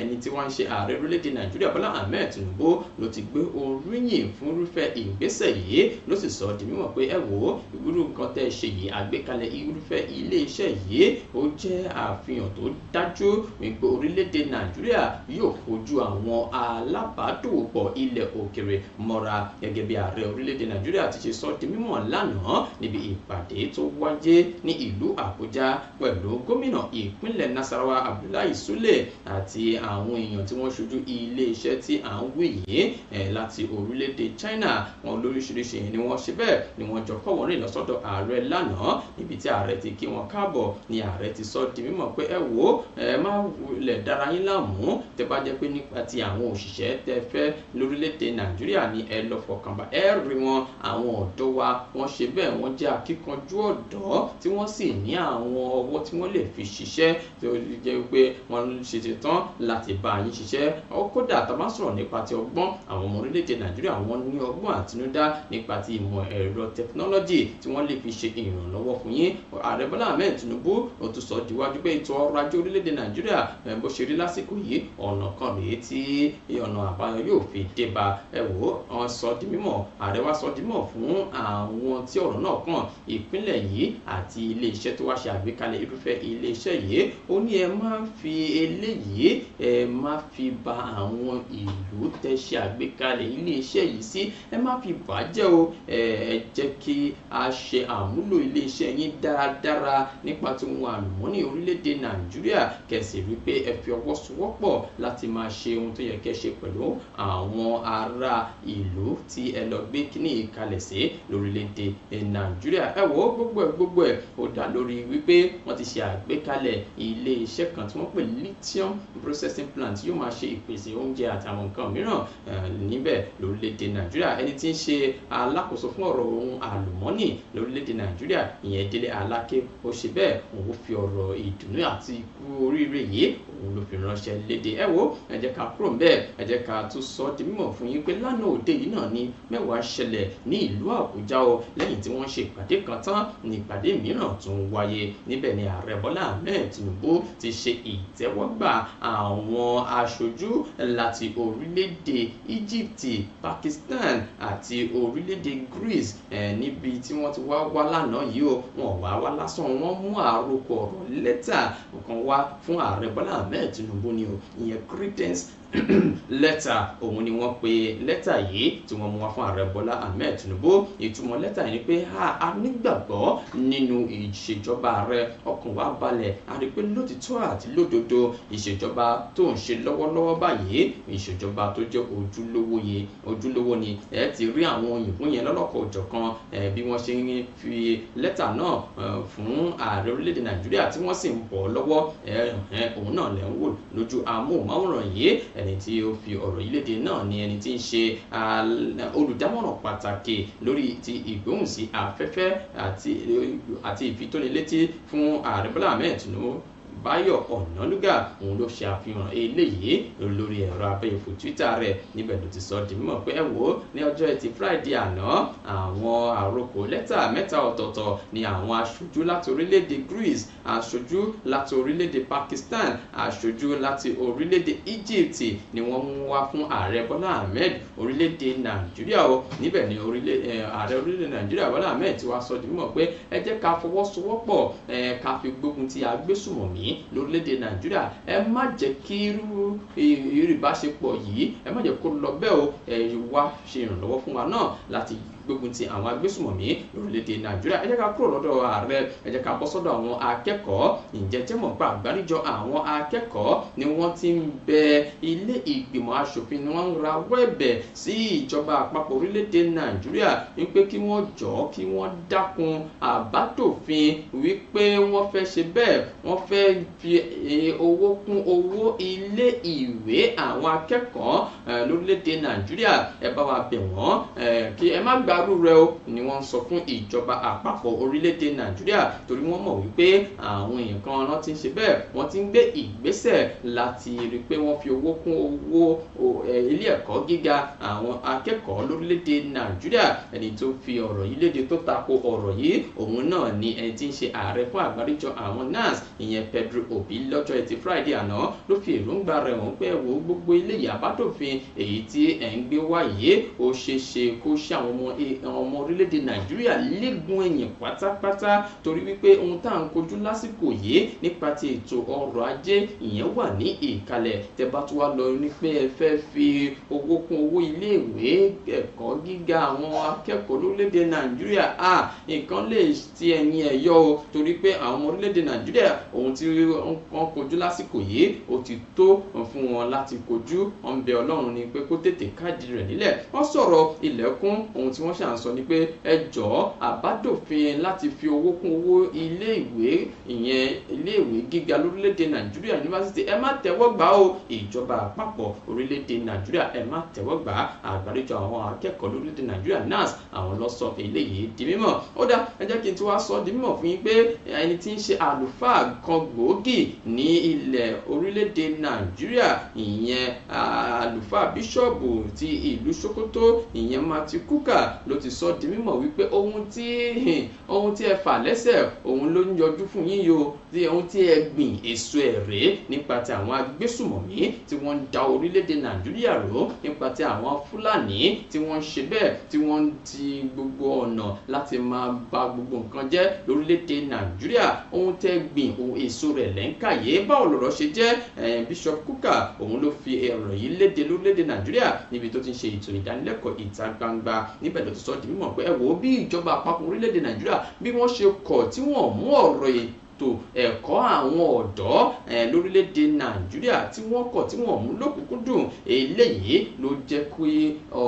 ẹni tí wọ́n ń ṣe ààrẹ orílẹ̀-èdè Nàìjíríà Bọ́lá Ahmed Tinubu ló ti gbé oríyìn fún irúfẹ́ ìgbésẹ̀ yìí ló sì sọ di mímọ̀ pé ẹ wò ó nǹkan tẹ́ ẹ ṣe yìí àgbékalẹ̀ irúfẹ́ ilé iṣẹ́ yìí ó jẹ́ àfihàn tó dájú wípé orílẹ̀-èdè Nàìjíríà yóò fojú àwọn alábàádòwòpọ̀ ilẹ̀ òkèrè mọ́ra gẹ́gẹ́ bí ààrẹ orílẹ̀-èdè nàìjíríà ti ṣe sọ di mímọ̀ lánàá níbi ìpàdé tó wáyé ní ìlú àbújá pẹ̀lú gómìnà ìpínlẹ̀ nasarawa abdullahi sule àti àwọn èèyàn tí wọ́n ṣojú iléeṣẹ́ tí à ń wí yìí láti orílẹ̀-èdè china wọn lóríṣiríṣi ni wọ́n ṣe bẹ́ẹ̀ ni wọ́n jọ kọ́ wọn rìn lọ́sọ́dọ̀ ààrẹ lánàá níbi tí ààrẹ ti kí wọn káàbọ̀ ni ààrẹ ti sọ di mímọ̀ pé ẹ wo ẹ má wulẹ̀ dára yín láàmú tẹ bá jẹ́ pé nípa ti àwọn òṣìṣẹ́ tẹ fẹ́ lórílẹ̀-èdè nàìjíríà ni ẹ l lọ́fọ̀kànbá ẹ rí wọn àwọn ọ̀dọ́ wa wọ́n ṣe bẹ́ẹ̀ wọ́n jẹ́ akíkanjú ọ̀dọ́ tí wọ́n sì ní àwọn ọwọ́ tí wọ́n lè fi ṣiṣẹ́ tí ó jẹ́ pé wọ́n ṣe ti tán láti bá yín ṣiṣẹ́ kódà tá a bá sọ̀rọ̀ nípa ti ọgbọ́n àwọn ọmọ orílẹ̀-èdè nàìjíríà wọ́n ní ọgbọ́n àtinúdá nípa ti ìmọ̀ ẹ̀rọ tẹkinọ́lọ́jì tí wọ́n lè fi ṣe ìrànlọ́wọ́ fún yín ààrẹ bọ́lá ahmed tinubu ó tún sọ díwájú pé ètò ọrọ̀ ajé orílẹ̀ nàìjíríà eh, bó ṣe rí lásìkò yìí ọ̀nà kan rèé tí ọ̀nà àbáyọ yóò fi dé bá ẹ wò ó sọ di mímọ̀ ààrẹ wa sọ di mímọ̀ fún àwọn tí ọ̀rọ̀ náà kàn ìpínlẹ̀ yìí àti iléeṣẹ́ tó wá ṣe àgbékalẹ̀ irúfẹ́ iléeṣẹ́ yìí ó ní ẹ má fi eléyìí ẹ má fi ba àwọn ìlú tẹ́ ṣe àgbékalẹ̀ iléeṣẹ́ yìí sí ẹ má fi bàjẹ́ o ẹ jẹ́ kí a ṣe àmúlò iléeṣẹ́ yín dáradára nípa tí wọn àlùmọ́nì orílẹ̀-èdè nàìjíríà kẹsì rí pé ẹ fi ọwọ́ sowọ́pọ̀ láti máa ṣe ohun tó yẹ kẹ́ ṣe pẹ̀lú àwọn ará ìlú ìlú tí ẹ lọ gbé kíní ìkalẹ̀ sí lórílẹ̀‐èdè nàìjíríà ẹ wo gbogbo ẹ gbogbo ẹ ó dá lórí wípé wọ́n ti ṣe àgbékalẹ̀ ilé iṣẹ́ kan tí wọ́n pè lithium processing plant yóò máa ṣe ìpèsè oúnjẹ àtàwọn nǹkan mìíràn níbẹ̀ lórílẹ̀‐èdè nàìjíríà ẹni tí ń ṣe alákòóso fún ọ̀rọ̀ ohun àlùmọ́nì lórílẹ̀‐èdè nàìjíríà ìyẹn délé aláké ó ṣe bẹ́ẹ̀ òun fi ọ̀rọ̀ ìdùnnú àti ikú oríire yìí òun ló fi ránṣẹ́ léde ẹ wo ẹ jẹ́ ká kúrò ń bẹ́ẹ̀ ẹ jẹ́ ká tún sọ ọ́ di mímọ̀ fún yín pé lánàá òde yìí náà ni mẹ́wàá ṣẹlẹ̀ ní ìlú àbújá o lẹ́yìn tí wọ́n ṣe ìpàdé kan tán ní ìpàdé mìíràn tún wáyé níbẹ̀ ni ààrẹ bọ́lá ahmed tinubu ti ṣe ìtẹ́wọ́gbà àwọn aṣojú láti orílẹ̀-èdè egypt pakistan àti orílẹ̀-èdè greece níbi tí wọ́n ti wá wá lánàá yìí o wọn wá wá lásán wọ́n mú àròkọ ọ̀rọ̀ lẹ́tà kan wá fún ààrẹ bọ́lá ahmed tinubu ni o ìyẹn credence lẹ́tà òun ni wọ́n pe lẹ́tà yìí tí wọ́n mú wá fún ààrẹ Bọ́lá Ahmed Tinubu ìtumọ̀ lẹ́tà yìí ni pé a nígbàgbọ́ nínú ìṣèjọba ààrẹ ọkàn wa balẹ̀ a rí pé lótìtọ́ àti lódodo ìṣèjọba tó ń ṣe lọ́wọ́lọ́wọ́ báyìí ìṣèjọba tó jẹ́ ojúlówó yẹn ojúlówó ni ẹ ti rí àwọn òyìnbó yẹn lọ́lọ́kọ̀ òjọ̀kan bí wọ́n ṣe ń fi lẹ́tà náà fún ààrẹ orílẹ̀-èdè ẹni tí ó fi ọ̀rọ̀ yìí léde náà ni ẹni tí ń ṣe olùdámọ̀ràn pàtàkì lórí ti ìgbóhùnsí afẹ́fẹ́ àti ìfitónilétí fún ààrẹ bọ́lá ahmed tinubu Báyọ̀ Ọ̀nànúgà òun ló ṣe àfihàn eléyìí lórí ẹ̀rọ abẹ́yẹfò Twitter rẹ̀ níbẹ̀ ló ti sọ di mímọ̀ pé ẹ wò ó ní ọjọ́ ẹtì Friday àná àwọn àròkọ lẹ́tà mẹ́ta ọ̀tọ̀ọ̀tọ̀ ni àwọn aṣojú láti orílẹ̀-èdè Greece aṣojú láti orílẹ̀-èdè Pakistan aṣojú láti orílẹ̀-èdè Egypt ni wọ́n mú wá fún ààrẹ Bọ́lá Ahmed orílẹ̀-èdè Nàìjíríà o níbẹ̀ ni ààrẹ orílẹ̀-èdè Nàìjíríà Bọ́lá Ahmed ti wá sọ di mímọ̀ pé ẹ jẹ́ ká fọwọ́sowọ́pọ̀ ká fi gbógun yìí lórílẹ̀‐èdè nàìjíríà ẹ má jẹ́ kí irú ìbáṣepọ̀ yìí ẹ má jẹ́ kó lọ bẹ́ẹ̀ o ẹ wá ṣe ìrànlọ́wọ́ fún wa náà láti gbógun ti àwọn agbésùmọ̀mí lórílẹ̀‐èdè nàìjíríà ẹ jẹ́ ká kúrò lọ́dọ̀ ààrẹ ẹ jẹ́ ká bọ́ sọ́dọ̀ àwọn akẹ́kọ̀ọ́ ǹjẹ́ tẹ́ mọ̀ pé àgbáríjọ àwọn akẹ́kọ̀ọ́ ni wọ́n ti ń bẹ ilé ìgbìmọ̀ asòfin ni wọ́n ń rawọ́ ẹ̀bẹ̀ sí ìjọba àpapọ̀ orílẹ̀‐èdè nàìjíríà wípé kí wọ́n jọ̀ọ́ kí wọ́n dákun àbádòfin wípé wọ́n fẹ́ ṣe bẹ́ẹ̀ wọ́n fẹ́ fi e, owó kún owó ilé ìwé àwọn akẹ́kọ̀ọ́ e, lórílẹ̀‐èdè nàìjíríà ẹ bá wa bẹ̀ wọ́n e, kí ẹ má gb gbarú rẹ o ni wọ́n ń sọ fún ìjọba àpapọ̀ orílẹ̀-èdè nàìjíríà torí wọ́n mọ̀ wípé àwọn èèyàn kan ọ̀nà ti ń ṣe bẹ́ẹ̀ wọ́n ti ń gbé ìgbésẹ̀ láti rí i pé wọ́n fi owó kún owó ilé ẹ̀kọ́ gíga àwọn akẹ́kọ̀ọ́ lórílẹ̀-èdè nàìjíríà ẹni tó fi ọ̀rọ̀ yìí léde tó tako ọ̀rọ̀ yìí òun náà ni ẹni tí ń ṣe ààrẹ fún àgbáríjọ àwọn NANS ìyẹn Pedro Obi lọ́jọ́ ẹtì Friday àná ló fi èròǹgbà rẹ̀ hàn pé wo gbogbo ilé ìyàbádòfin èyí tí ẹ̀ ń gbé wáyé ó ṣeé ṣe kó ṣe àwọn ọmọ ọmọ orílẹ̀-èdè nàìjíríà léegun ẹ̀yìn pátápátá torí wípé ohun tá à ń kojú lásìkò yìí nípa ti ètò ọrọ̀ ajé ìyẹn wà ní ìkàlẹ̀ tẹ́ bá tún wá lọ ní pé ẹ fẹ́ fi owó kún owó iléèwé ẹ̀kọ́ gíga àwọn akẹ́kọ̀ọ́ lórílẹ̀-èdè nàìjíríà à nǹkan lè ti ẹ̀yìn ẹ̀ yọ o torí pé àwọn ọmọ orílẹ̀-èdè nàìjíríà ohun tí wọ́n kojú lásìkò yìí ó ti tó fún wọn láti kojú ọ̀nbẹ ọlọ́run ni pé kó tètè káàdì rẹ̀ wọ́n ṣàn sọ ni pé ẹ jọ̀ọ́ àbádòfin láti fi owó kún owó iléèwé ìyẹn iléèwé gíga lórílẹ̀‐èdè nàìjíríà yunifásitì ẹ má tẹ́wọ́ gbà o ìjọba àpapọ̀ orílẹ̀‐èdè nàìjíríà ẹ má tẹ́wọ́ gbà àgbáríjọ àwọn akẹ́kọ̀ọ́ lórílẹ̀‐èdè nàìjíríà nas àwọn lọ sọ eléyìí di mímọ̀ ó dá ẹ jẹ́ kí n ti wá sọ di mímọ̀ fún yín pé ẹni tí ń ṣe àlùfáà kan gbòógì ní ilẹ̀ orílẹ̀‐èdè nàìjíríà ìyẹn àlùfáà bíṣọ̀bù ti ìlú sokoto ìyẹn mati kuka ló ti sọ di mímọ̀ wípé ohun tí ohun tí ẹ fà lẹ́sẹ̀ òun ló ń yọjú fún yín yo tí ohun tí ẹ gbìn èso ẹ̀ rèé nípa ti àwọn agbésùmọ̀mí tí wọ́n ń da orílẹ̀-èdè nàìjíríà ró nípa ti àwọn fúlàní tí wọ́n ń ṣe bẹ́ẹ̀ tí wọ́n ń ti gbogbo ọ̀nà láti máa ba gbogbo nǹkan jẹ́ lórílẹ̀ nàìjíríà ohun tẹ́ gbìn ohun èso rẹ̀ lẹ́ńkà yìí báwo lọ̀rọ̀ ṣe jẹ́ bishop kuka òun ló fi ọ̀rọ̀ yìí léde lórílẹ̀-èdè nàìjíríà níbi tó ti ń ṣe ètò ìdánilẹ́kọ̀ọ́ ìta gbangba níbẹ̀ ló sọ di mímọ̀ pé ẹ wò ó bí ìjọba àpapọ̀ orílẹ̀-èdè nàìjíríà bí wọ́n ṣe kọ̀ tí wọ́n mú ọ̀rọ̀ yìí ètò ẹ̀kọ́ àwọn ọ̀dọ́ lórílẹ̀‐èdè nàìjíríà tí wọ́n kọ̀ tí wọ́n mú lókùnkúndùn eléyìí ló jẹ́ kó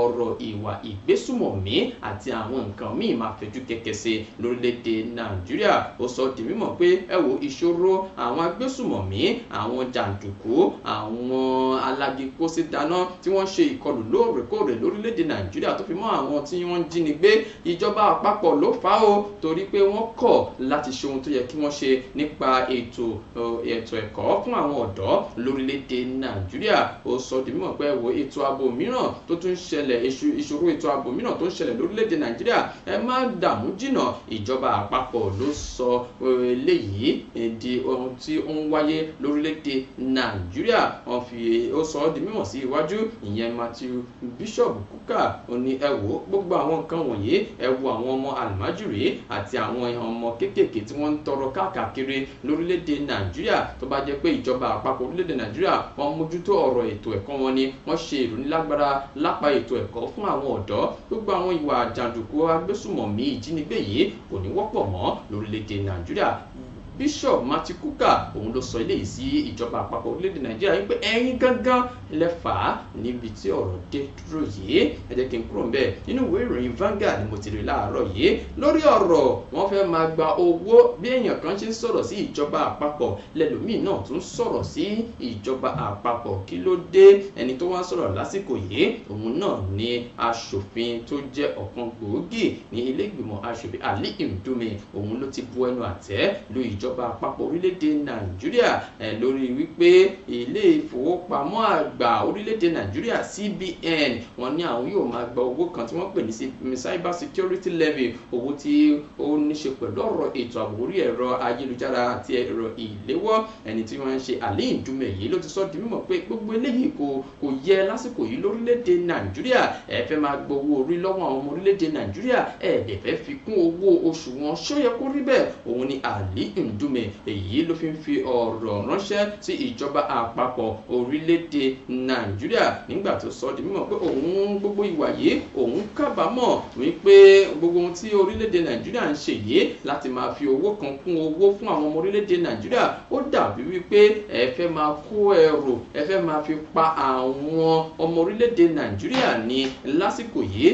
ọ̀rọ̀ ìwà ìgbésùmọ̀mí àti àwọn nǹkan míì máa fẹjú kẹ̀kẹ̀ sí lórílẹ̀‐èdè nàìjíríà ó sọ di mímọ̀ pé ẹ wo ìṣòro àwọn agbésùmọ̀mí àwọn jàǹdùkú àwọn alágikó sí dáná tí wọ́n ṣe ìkọlù lóòrèkóòrè lórílẹ̀‐èdè nàìjíríà tó fi mọ́ àwọn tí wọ́n ń jínigbé ìjọba àpapọ̀ ló fà á o torí pé wọ́n kọ̀ láti ṣe ohun tó yẹ kí wọ́n ṣe nípa ètò ètò ẹ̀kọ́ fún àwọn ọ̀dọ́ lórílẹ̀‐èdè nàìjíríà ó sọ di mímọ̀ pé wo ètò ààbò mìíràn tó tún ṣẹlẹ̀ ìṣòro ètò ààbò mìíràn tó ń ṣẹlẹ̀ lórílẹ̀‐èdè nàìjíríà ẹ má dààmú jìnà ìjọba àpapọ̀ ló sọ eléyìí di ohun tí ó ń wáyé lórílẹ̀‐èdè nàìjíríà wọ́n fi ó sọ di mímọ̀ sí iwájú ìyẹn matthew bishop kuka ó ní ẹ wò gbogbo àwọn nǹkan wọ̀nyí ẹ wo àwọn ọmọ àlùmájùrí àti àwọn ọmọ kéékèèké tí wọ́n ń tọrọ káàkiri káàkiri lórílẹ̀‐èdè nàìjíríà tó bá jẹ́ pé ìjọba àpapọ̀ orílẹ̀‐èdè nàìjíríà wọ́n mójútó ọ̀rọ̀ ètò ẹ̀kọ́ wọn ni wọ́n ṣe ìrónílágbára lápá ètò ẹ̀kọ́ fún àwọn ọ̀dọ́ gbogbo àwọn ìwà jàǹdùkú agbésùmọ̀mí ìjínigbé yìí kò ní wọ́pọ̀ mọ́ lórílẹ̀‐èdè nàìjíríà bishop Martin Kuka òun ló sọ eléyìí sí ìjọba àpapọ̀ orílẹ̀-èdè nàìjíríà wípé ẹ̀yin gángan lẹ fà á níbi tí ọ̀rọ̀ dé dúró yìí ẹ jẹ́ kí n kúrò ńbẹ̀ nínú ìwé ìròyìn Vanguard mo ti rí láàárọ̀ yìí lórí ọ̀rọ̀ wọ́n fẹ́ máa gba owó bí èèyàn kan ṣe ń sọ̀rọ̀ sí ìjọba àpapọ̀ lẹ́lòmíì náà tún sọ̀rọ̀ sí ìjọba àpapọ̀ kí ló dé ẹni tó wá sọ̀rọ̀ lásìkò yìí òun náà ni aṣòfin tó jẹ́ ọ̀kan gbòógì ní ilé ìgbìmọ̀ aṣòfin Ali Ndumi òun ló ti bu ẹnu àtẹ́ lu ìj ìjọba àpapọ̀ orílẹ̀-èdè nàìjíríà lórí wípé ilé ìfowópamọ́ àgbà orílẹ̀-èdè nàìjíríà CBN wọ́n ní àwọn yóò máa gba owó kan tí wọ́n pè ní cyber security levy owó tí ó ní ṣe pẹ̀lú ọ̀rọ̀ ètò ààbò orí ẹ̀rọ ayélujára àti ẹ̀rọ ìléwọ́ ẹni tí wọ́n ń ṣe àlẹ́ ìdúmẹ̀ yìí ló ti sọ di mímọ̀ pé gbogbo eléyìí kò kò yẹ lásìkò yìí lórílẹ̀‐èdè nàìjíríà ẹ fẹ́ máa gbowó orí lọ́wọ́ àwọn ọmọ orílẹ̀‐èdè nàìjíríà ẹ dẹ̀ fẹ́ fi kún owó oṣù wọn ṣó yẹ kó rí bẹ́ẹ̀ òun ni àlẹ́ Dume èyí ló fi ń fi ọ̀rọ̀ ránṣẹ́ sí ìjọba àpapọ̀ orílẹ̀-èdè Nàìjíríà nígbà tó sọ di mímọ̀ pé òun gbogbo ìwà yìí òun kábàámọ̀ wípé gbogbo ohun tí orílẹ̀-èdè Nàìjíríà ń ṣe yìí láti máa fi owó kan kún owó fún àwọn ọmọ orílẹ̀-èdè Nàìjíríà ó dàbí wípé ẹ fẹ́ máa kó ẹrù ẹ fẹ́ máa fi pa àwọn ọmọ orílẹ̀-èdè Nàìjíríà ní lásìkò yìí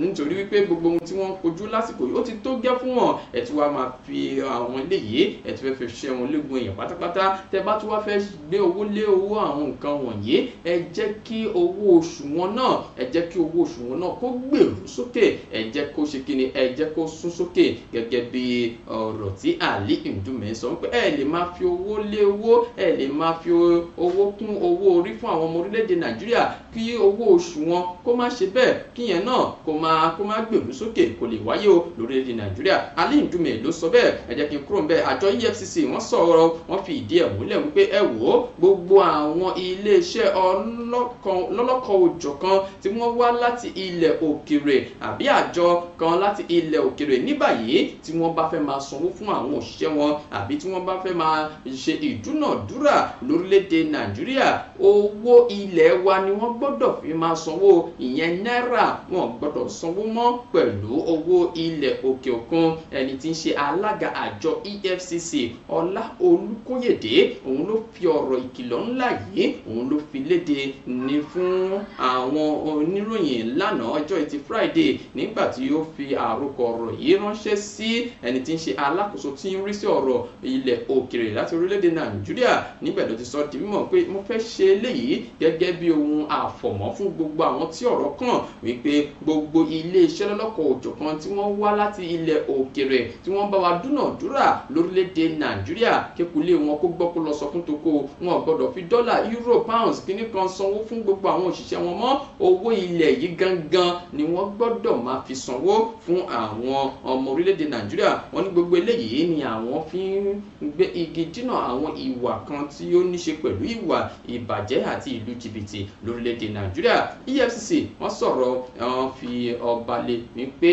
nítorí wípé gbogbo ohun tí wọ́n kojú lásìkò yìí ó ti tó gẹ́ fún wọn ẹ̀ tí wàá máa fi àwọn ilé yìí ẹ ti fẹ́ fi ṣe wọn léegun èèyàn pátápátá tẹ bá tún wá fẹ́ gbé owó lé owó àwọn nǹkan wọ̀nyí ẹ jẹ́ kí owó oṣù wọn náà ẹ jẹ́ kí owó oṣù wọn náà kó gbèrú sókè ẹ jẹ́ kó ṣe kí ni ẹ jẹ́ kó sún sókè gẹ́gẹ́ bí ọ̀rọ̀ tí Ali Ndume sọ pé ẹ lè máa fi owó lé owó ẹ lè máa fi owó kún owó orí fún àwọn ọmọ orílẹ̀-èdè Nàìjíríà kí owó oṣù wọn kó má ṣe bẹ́ẹ̀ kíyẹn náà kó má kó má gbèrú sókè kó lè wáyé o lórílẹ̀-èdè Nàìjíríà Ali Ndume ló sọ bẹ́ẹ̀ ẹ jẹ́ kí n kúrò bẹ́ẹ̀ àjọ EFCC wọ́n sọ̀rọ̀ wọ́n fi ìdí ẹ̀ múlẹ̀ wípé ẹ wò ó gbogbo àwọn iléeṣẹ́ lọ́lọ́kan òjọ̀kan tí wọ́n wá láti ilẹ̀ òkèrè àbí àjọ kan láti ilẹ̀ òkèrè ní báyìí tí wọ́n bá fẹ́ máa sanwó fún àwọn òṣìṣẹ́ wọn àbí tí wọ́n bá fẹ́ máa ṣe ìdúnàdúrà lórílẹ̀ Nàìjíríà owó ilẹ̀ wa ni wọ́n gbọ́dọ̀ fi máa sanwó ìyẹn náírà wọn gbọ́dọ̀ sanwó mọ́ pẹ̀lú owó ilẹ̀ òkè òkun ẹni tí ń ṣe alága àjọ e EFCC ọlá olùkóyèdé òun ló fi ọ̀rọ̀ ìkìlọ̀ ńlá yìí òun ló fi léde ní fún àwọn oníròyìn lánàá ọjọ́ ìtì Friday nígbà tí ó fi àròkọ ọ̀rọ̀ yìí ránṣẹ́ sí ẹni tí ń ṣe alákòóso tí ń rí sí ọ̀rọ̀ ilẹ̀ òkèrè láti orílẹ̀-èdè Nàìjíríà níbẹ̀ ló ti sọ di mímọ̀ pé mo fẹ́ ṣe eléyìí gẹ́gẹ́ bí ohun àfọ̀mọ́ fún gbogbo àwọn tí ọ̀rọ̀ kàn wípé gbogbo ilé iṣẹ́ lọ́lọ́kọ̀ tí wọ́n wá láti ilẹ̀ òkèrè tí wọ́n bá wa dúnàdúrà lórílẹ̀‐èdè nàìjíríà kékulé wọn kó gbọ́ kó lọ sọ fún toko wọn gbọ́dọ̀ fi dọ́là euro pounds kíní kan sanwó fún gbogbo àwọn òṣìṣẹ́ wọn mọ́ owó ilẹ̀ yìí gangan ni wọ́n gbọ́dọ̀ máa fi sanwó fún àwọn ọmọ orílẹ̀‐èdè nàìjíríà wọn ní gbogbo eléyìí ni àwọn fi ń gbé igi dínà àwọn ìwà kan tí ó ní ṣe pẹ̀lú ìwà ìbàjẹ́ àti ìlú jìbìtì lórílẹ̀‐èdè nàìjíríà efcc wọ́n sọ̀rọ̀ wọ́n fi ọba wípé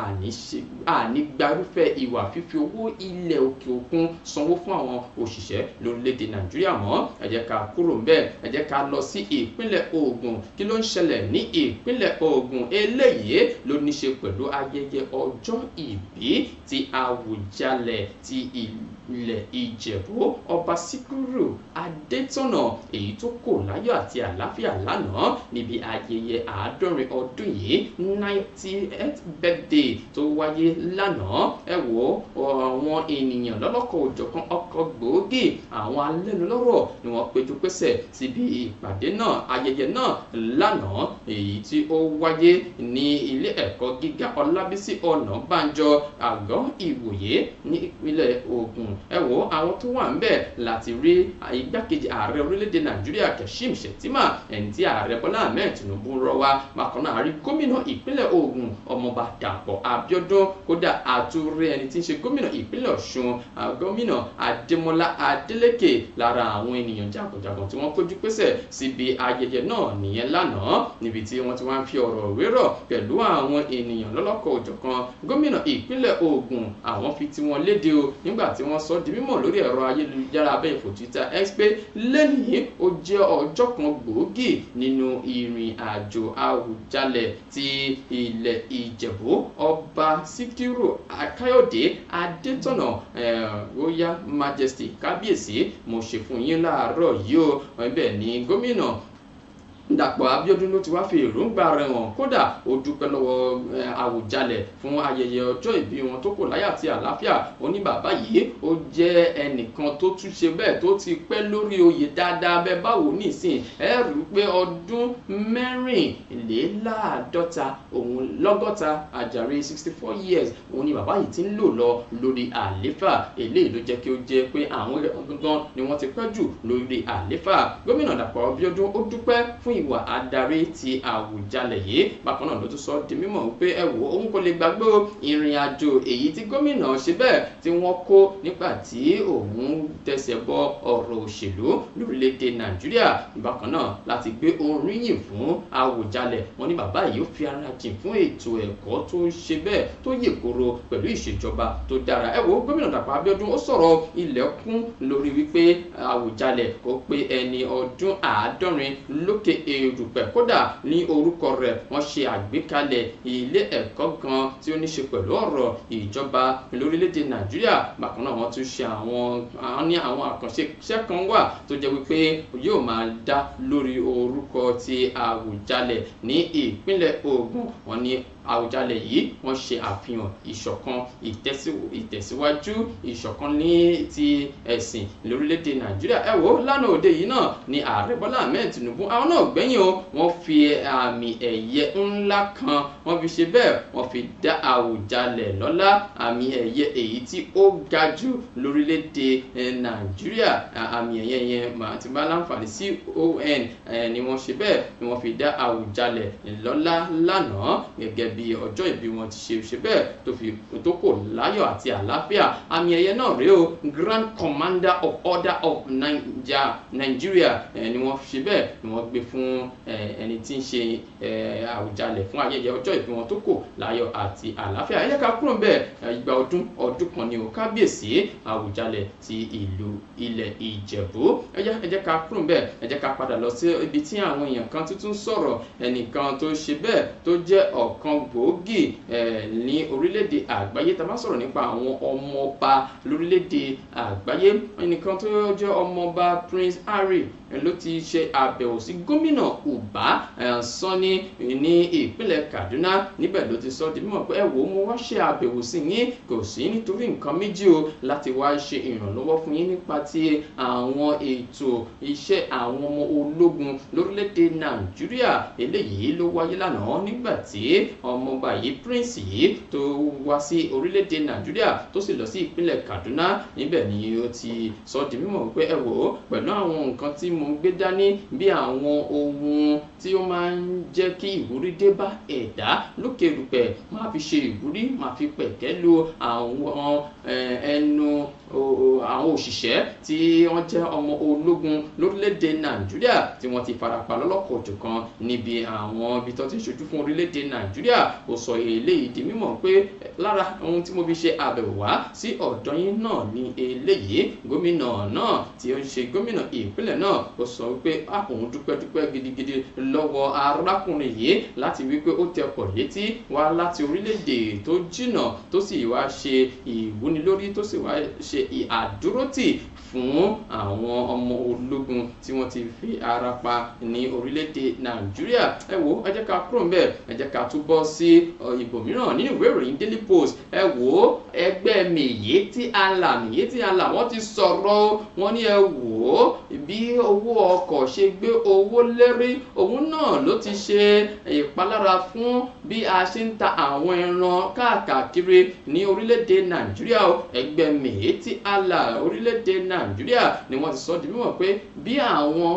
àní gbarúfẹ́ ìwà fífi owó ilẹ̀ òkè òkun sanwó fún àwọn òṣìṣẹ́ lórílẹ̀‐èdè nàìjíríà mọ́ ẹ jẹ́ ká kúrò ńbẹ̀ ẹ jẹ́ ká lọ sí ìpínlẹ̀ ògùn kí ló ń ṣẹlẹ̀ ní ìpínlẹ̀ ògùn eléyìí ló ní ṣe pẹ̀lú ayẹyẹ ọjọ́ ìbí ti àwùjalẹ̀ ti ilẹ̀ ìjẹ̀bú ọba síkúrú adétọ̀nà èyí tó kò láyọ̀ àti àlàáfíà lánàá níbi ayẹyẹ àádọ́rin ọdún yìí ninety eight birthday tó wáyé lánàá ẹ wò àwọn ènìyàn lọ́lọ́kọ̀ òjọ̀kan ọkọ̀ gbòógì àwọn alẹ́nulọ́rọ̀ ni wọ́n péjú pésẹ̀ síbi ìpàdé náà ayẹyẹ náà lánàá èyí tí ó wáyé ní ilé ẹ̀kọ́ gíga ọlábísí ọ̀nàbànjọ àgọ́ ìwòye ní ìpínlẹ̀ Ògùn ẹ wò àwọn tó wà ń bẹ̀ láti rí igbákejì ààrẹ orílẹ̀-èdè Nàìjíríà Kashim Shettima ẹni tí ààrẹ Bọ́lá Ahmed Tinubu rọ wa bákan náà rí gómìnà ìpínlẹ̀ Ògùn ọmọọba Dàpọ̀ Abiodun, Abíọ́dún kódà àtúrẹ́ ẹni tí ń ṣe gómìnà ìpínlẹ̀ Ọ̀ṣun gómìnà Adémọ́lá Adélékè lára àwọn ènìyàn jagunjagun tí wọ́n kójú pésẹ̀ síbi ayẹyẹ náà nìyẹn lánàá níbi tí wọ́n ti wá ń fi ọ̀rọ̀ wérọ̀ pẹ̀lú àwọn ènìyàn lọ́lọ́kọ̀ òjọ̀kan gómìnà ìpínlẹ̀ Ògùn àwọn fi tiwọn léde o nígbà tí wọ́n sọ di mímọ̀ lórí ẹ̀rọ ayélujára abẹ́ ìfò Twitter X pé lẹ́nìí ó jẹ́ ọjọ́ kan gbòógì nínú ìrìn àjò àwùjalẹ̀ ti ilẹ̀ Ìjẹ̀bú ọba síkírù káyọ̀dé adétọ̀nà eh, royal majesty kábíyèsí mo ṣe fún yín láàárọ̀ yìí o bẹ́ẹ̀ ni gómìnà Dàpọ̀ Abíọ́dún ló ti wá fi èròǹgbà rẹ̀ hàn kódà ó dúpẹ́ lọ́wọ́ Àwùjalẹ̀ fún ayẹyẹ ọjọ́ ìbí wọn tó kò láyà àti àlàáfíà ó ní bàbá yìí ó jẹ́ ẹnìkan tó tún ṣe bẹ́ẹ̀ tó ti pẹ́ lórí oyè dáadáa bẹ́ẹ̀ báwo nísìn ẹ rí i pé ọdún mẹ́rìnléláàádọ́ta òun lọ́gọ́ta àjàre sixty four years òun ni bàbá yìí ti ń lò lọ lórí àléfà eléyìí ló jẹ́ kí ó jẹ́ pé àwọn gangan ni wọ́n ti pẹ́ jù lórí ìwà adarí ti Àwùjalẹ̀ yìí bákan náà ló tún sọ di mímọ̀ pé ẹ wò òun kò lè gbàgbé ìrìn àjò èyí tí gómìnà ṣe bẹ́ẹ̀ tí wọ́n kó nígbà tí òun tẹsẹ̀ bọ ọ̀rọ̀ òṣèlú lórílẹ̀‐èdè Nàìjíríà bákan náà láti gbé oríyìn fún Àwùjalẹ̀ wọn ní bàbá yìí fi ara jìn fún ètò ẹ̀kọ́ tó ń ṣe bẹ́ẹ̀ tó yè koro pẹ̀lú ìṣèjọba tó dára ẹ wo gómìnà Dàpọ̀ Abíọ́dún ó sọ̀rọ̀ ilẹ̀kùn lórí wípé Àwùjalẹ̀ kò pé ẹni ọdún àádọ́rin lókè erùpẹ̀ kódà ní orúkọ rẹ̀ wọ́n ṣe àgbékalẹ̀ ilé ẹ̀kọ́ kan tí ó ní ṣe pẹ̀lú ọ̀rọ̀ ìjọba lórílẹ̀‐èdè nàìjíríà bákan náà wọ́n tún ṣe àwọn ní àwọn àkànṣe iṣẹ́ kan wà tó jẹ́ wípé yóò máa dá lórí orúkọ ti àwùjalẹ̀ ní ìpínlẹ̀ ògùn wọ́n ní Àwùjalẹ̀ yìí wọ́n ṣe àfihàn ìṣọ̀kan ìtẹ̀síwájú ìṣọ̀kan ní ti ẹ̀sìn lórílẹ̀‐èdè Nàìjíríà ẹ wò ó lánàá òde yìí náà ni ààrẹ Bọ́lá Ahmed Tinubu àwọn náà gbẹ̀yìn o wọ́n fi àmì ẹ̀yẹ ńlá kan wọ́n fi ṣe bẹ́ẹ̀ wọ́n fi dá Àwùjalẹ̀ lọ́lá àmì ẹ̀yẹ èyí tí ó ga jù lórílẹ̀‐èdè Nàìjíríà àmì ẹ̀yẹ yẹn màá ti bá láǹfààní con ni wọ́n ṣe bẹ́ẹ̀ ni wọ́n fi dá Àwùjalẹ̀ lọ́lá lánàá gẹ́gẹ́ bí ọjọ́ ìbí wọn ti ṣe ṣe bẹ́ẹ̀ tó fi tó kò láyọ̀ àti àlàáfíà àmì ẹ̀yẹ náà rèé o Grand Commander of Order of Nigeria ni wọ́n ṣe bẹ́ẹ̀ ni wọ́n gbé fún ẹni tí ń ṣe àwùjalẹ̀ fún ayẹyẹ ọjọ́ ìbí wọn tó kò láyọ̀ àti àlàáfíà ẹ̀yẹ ká kúrò bẹ́ẹ̀ ìgbà ọdún ọdún kan ni ò kábíyèsí àwùjalẹ̀ ti ìlú ilẹ̀ Ìjẹ̀bú ẹ̀jẹ̀ ká kúrò bẹ́ẹ̀ ẹ̀jẹ̀ ká padà lọ sí ibi tí àwọn èèyàn kan tuntun sọ̀rọ̀ ẹnìkan tó ṣe bẹ́ẹ̀ tó jẹ́ ọ̀kan gbòógì ní orílẹ̀-èdè àgbáyé tá a bá sọ̀rọ̀ nípa àwọn ọmọọba lórílẹ̀-èdè àgbáyé ẹnìkan tó jẹ́ ọmọọba Prince Harry ló ti ṣe àbẹ̀wò sí gómìnà Uba Sani ní ìpínlẹ̀ Kaduna níbẹ̀ ló ti sọ di mímọ̀ pé ẹ wò ó mo wá ṣe àbẹ̀wò sí yín kò sí nítorí nǹkan méjì o láti wá ṣe ìrànlọ́wọ́ fún yín nípa ti àwọn ètò iṣẹ́ àwọn ọmọ ológun lórílẹ̀‐èdè Nàìjíríà eléyìí ló wáyé lánàá nígbà tí ọmọọba yìí Prince yìí tó wá sí orílẹ̀‐èdè Nàìjíríà tó sì lọ sí ìpínlẹ̀ Kaduna níbẹ̀ ni ó ti sọ di mímọ̀ pé ẹ wò ó pẹ̀lú àwọn nǹkan tí mo mò ń gbé dání bí àwọn ohun tí ó máa ń jẹ́ kí ìwúrí dé bá ẹ̀dá lókè rúpẹ̀ máa fi ṣe ìwúrí máa fi pẹ̀kẹ́ lu àwọn ẹnu àwọn òṣìṣẹ́ tí wọ́n jẹ́ ọmọ ológun lórílẹ̀‐èdè nàìjíríà tí wọ́n ti farapa lọ́lọ́kọ̀ jọ̀kan níbi àwọn ibi tó ti ṣojú fún orílẹ̀‐èdè nàìjíríà ó sọ eléyìí di mímọ̀ pé lára ohun tí mo fi ṣe àbẹ̀wò wá sí ọ̀dọ̀ yín náà ni eléyìí gómìnà náà tí ó ń ṣe gómìnà ìpínlẹ̀ náà ó sọ wípé ah, òun dúpẹ́dúpẹ́ gidigidi lọ́wọ́ arákùnrin yìí láti wípé ó tẹ ọkọ̀ létí wá láti orílẹ̀-èdè tó jìnà tó sì wá ṣe ìwúnilórí tó sì wá ṣe àdúrótì fún àwọn ọmọ ológun tí wọ́n ti fi ara pa ní orílẹ̀-èdè nàìjíríà ẹ wo ẹ jẹ́ ká kúrò ń bẹ̀ ẹ jẹ́ ká tún bọ́ sí ibòmíràn nínú ìwé ìròyìn daily post ẹ wo ẹgbẹ́ mèyí tí a là mèyí tí a là wọ́n ti sọ̀rọ̀ wọ́n ní ẹ wò bí owó ọkọ̀ ṣe gbé owó lérí òun náà ló ti ṣe ìpalára fún bí a ṣe ń ta àwọn ẹran káàkiri ní orílẹ̀-èdè nàìjíríà ẹgbẹ́ mèyí tí a là orílẹ̀-èdè nàìjíríà nàìjíríà ni wọ́n ti sọ di mímọ̀ pé bí àwọn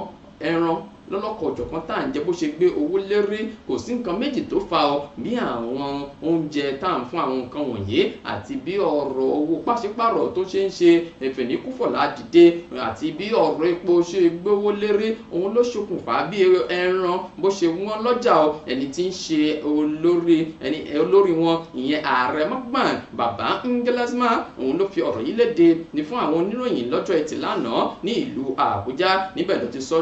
ẹran lọ́lọ́kọ̀ ọ̀jọ̀kan tá à ń jẹ bó ṣe gbé owó lérí kò sí nǹkan méjì tó fa ọ bí àwọn oúnjẹ tá à ń fún àwọn nǹkan wọ̀nyí àti bí ọ̀rọ̀ owó pàṣípàrọ̀ tó ṣe ń ṣe ìfẹ̀níkúfọ̀lá dìde àti bí ọ̀rọ̀ epo ṣe gbówó lérí òun ló ṣokùnfà bí ẹran bó ṣe wọ́n lọ́jà o ẹni tí ń ṣe olórí wọn ìyẹn ààrẹ mọ́gbọ̀n bàbá Ngelesma òun ló fi ọ̀rọ̀ yìí léde ti sọ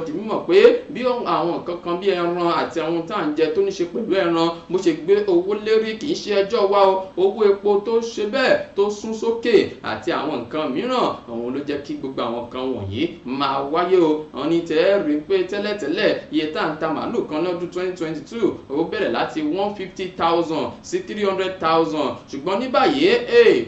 di bí àwọn nǹkan kan bí ẹran àti àwọn tá à ń jẹ tó ní ṣe pẹ̀lú ẹran mo ṣe gbé owó lérí kì í ṣe ẹjọ́ wa o owó epo tó ṣe bẹ́ẹ̀ tó sún sókè àti àwọn nǹkan mìíràn òun ló jẹ́ kí gbogbo àwọn nǹkan wọ̀nyí máa wáyé o àwọn ní tẹ́ rí i pé tẹ́lẹ̀tẹ́lẹ̀ iye tá à ń ta màálù kan lọ́dún twenty twenty two ó bẹ̀rẹ̀ láti one fifty thousand sí three hundred thousand ṣùgbọ́n ní báyìí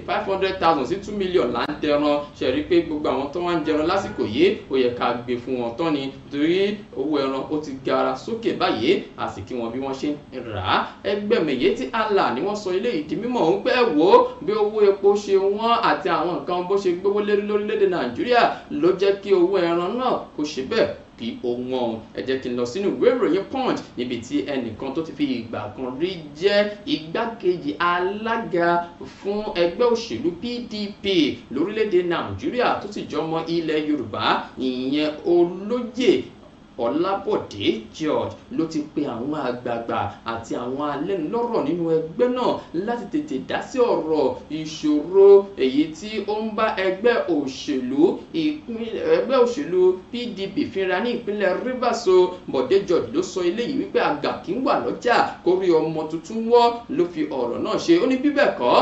five hundred thousand sí two million là ń tẹran ṣẹ̀rí pé gbogbo àwọn tó wá ń jẹran lásìkò yìí ó yẹ ká gbé fún wọn tán ni torí owó ẹran ó ti gara sókè báyìí a sì kí wọn bí wọ́n ṣe ń rà á ẹgbẹ̀mẹ̀yẹ tí Allah ni wọ́n sọ ilé ìdí mímọ̀ ń pẹ́ wò ó bí owó epo ṣe wọ́n àti àwọn nǹkan bó ṣe gbówó lérí lórílẹ̀‐èdè Nàìjíríà ló jẹ́ kí owó ẹran náà kó ṣe bẹ́ẹ̀ kí ó wọ́n ẹ jẹ́ kí n lọ sínú ìwé ìròyìn punch níbi tí ẹnìkan tó ti fi ìgbà kan rí jẹ́ igbákejì alága fún ẹgbẹ́ òṣèlú PDP lórílẹ̀ Nàìjíríà tó sì jọmọ ilẹ̀ Yorùbá ìyẹn olóyè ọlábọ̀dé george ló ti pe àwọn àgbààgbà àti àwọn alẹ́nulọ́rọ̀ nínú ẹgbẹ́ náà láti tètè dá sí ọ̀rọ̀ ìṣòro èyí tí ó ń bá ẹgbẹ́ òṣèlú ẹgbẹ́ òṣèlú pdp fínra ní ìpínlẹ̀ rivers o bọ̀dé george ló sọ eléyìí wípé àgà kì í wà lọ́jà kórí ọmọ tuntun wọ́ ló fi ọ̀rọ̀ náà ṣe ó ní bíbẹ̀ kọ́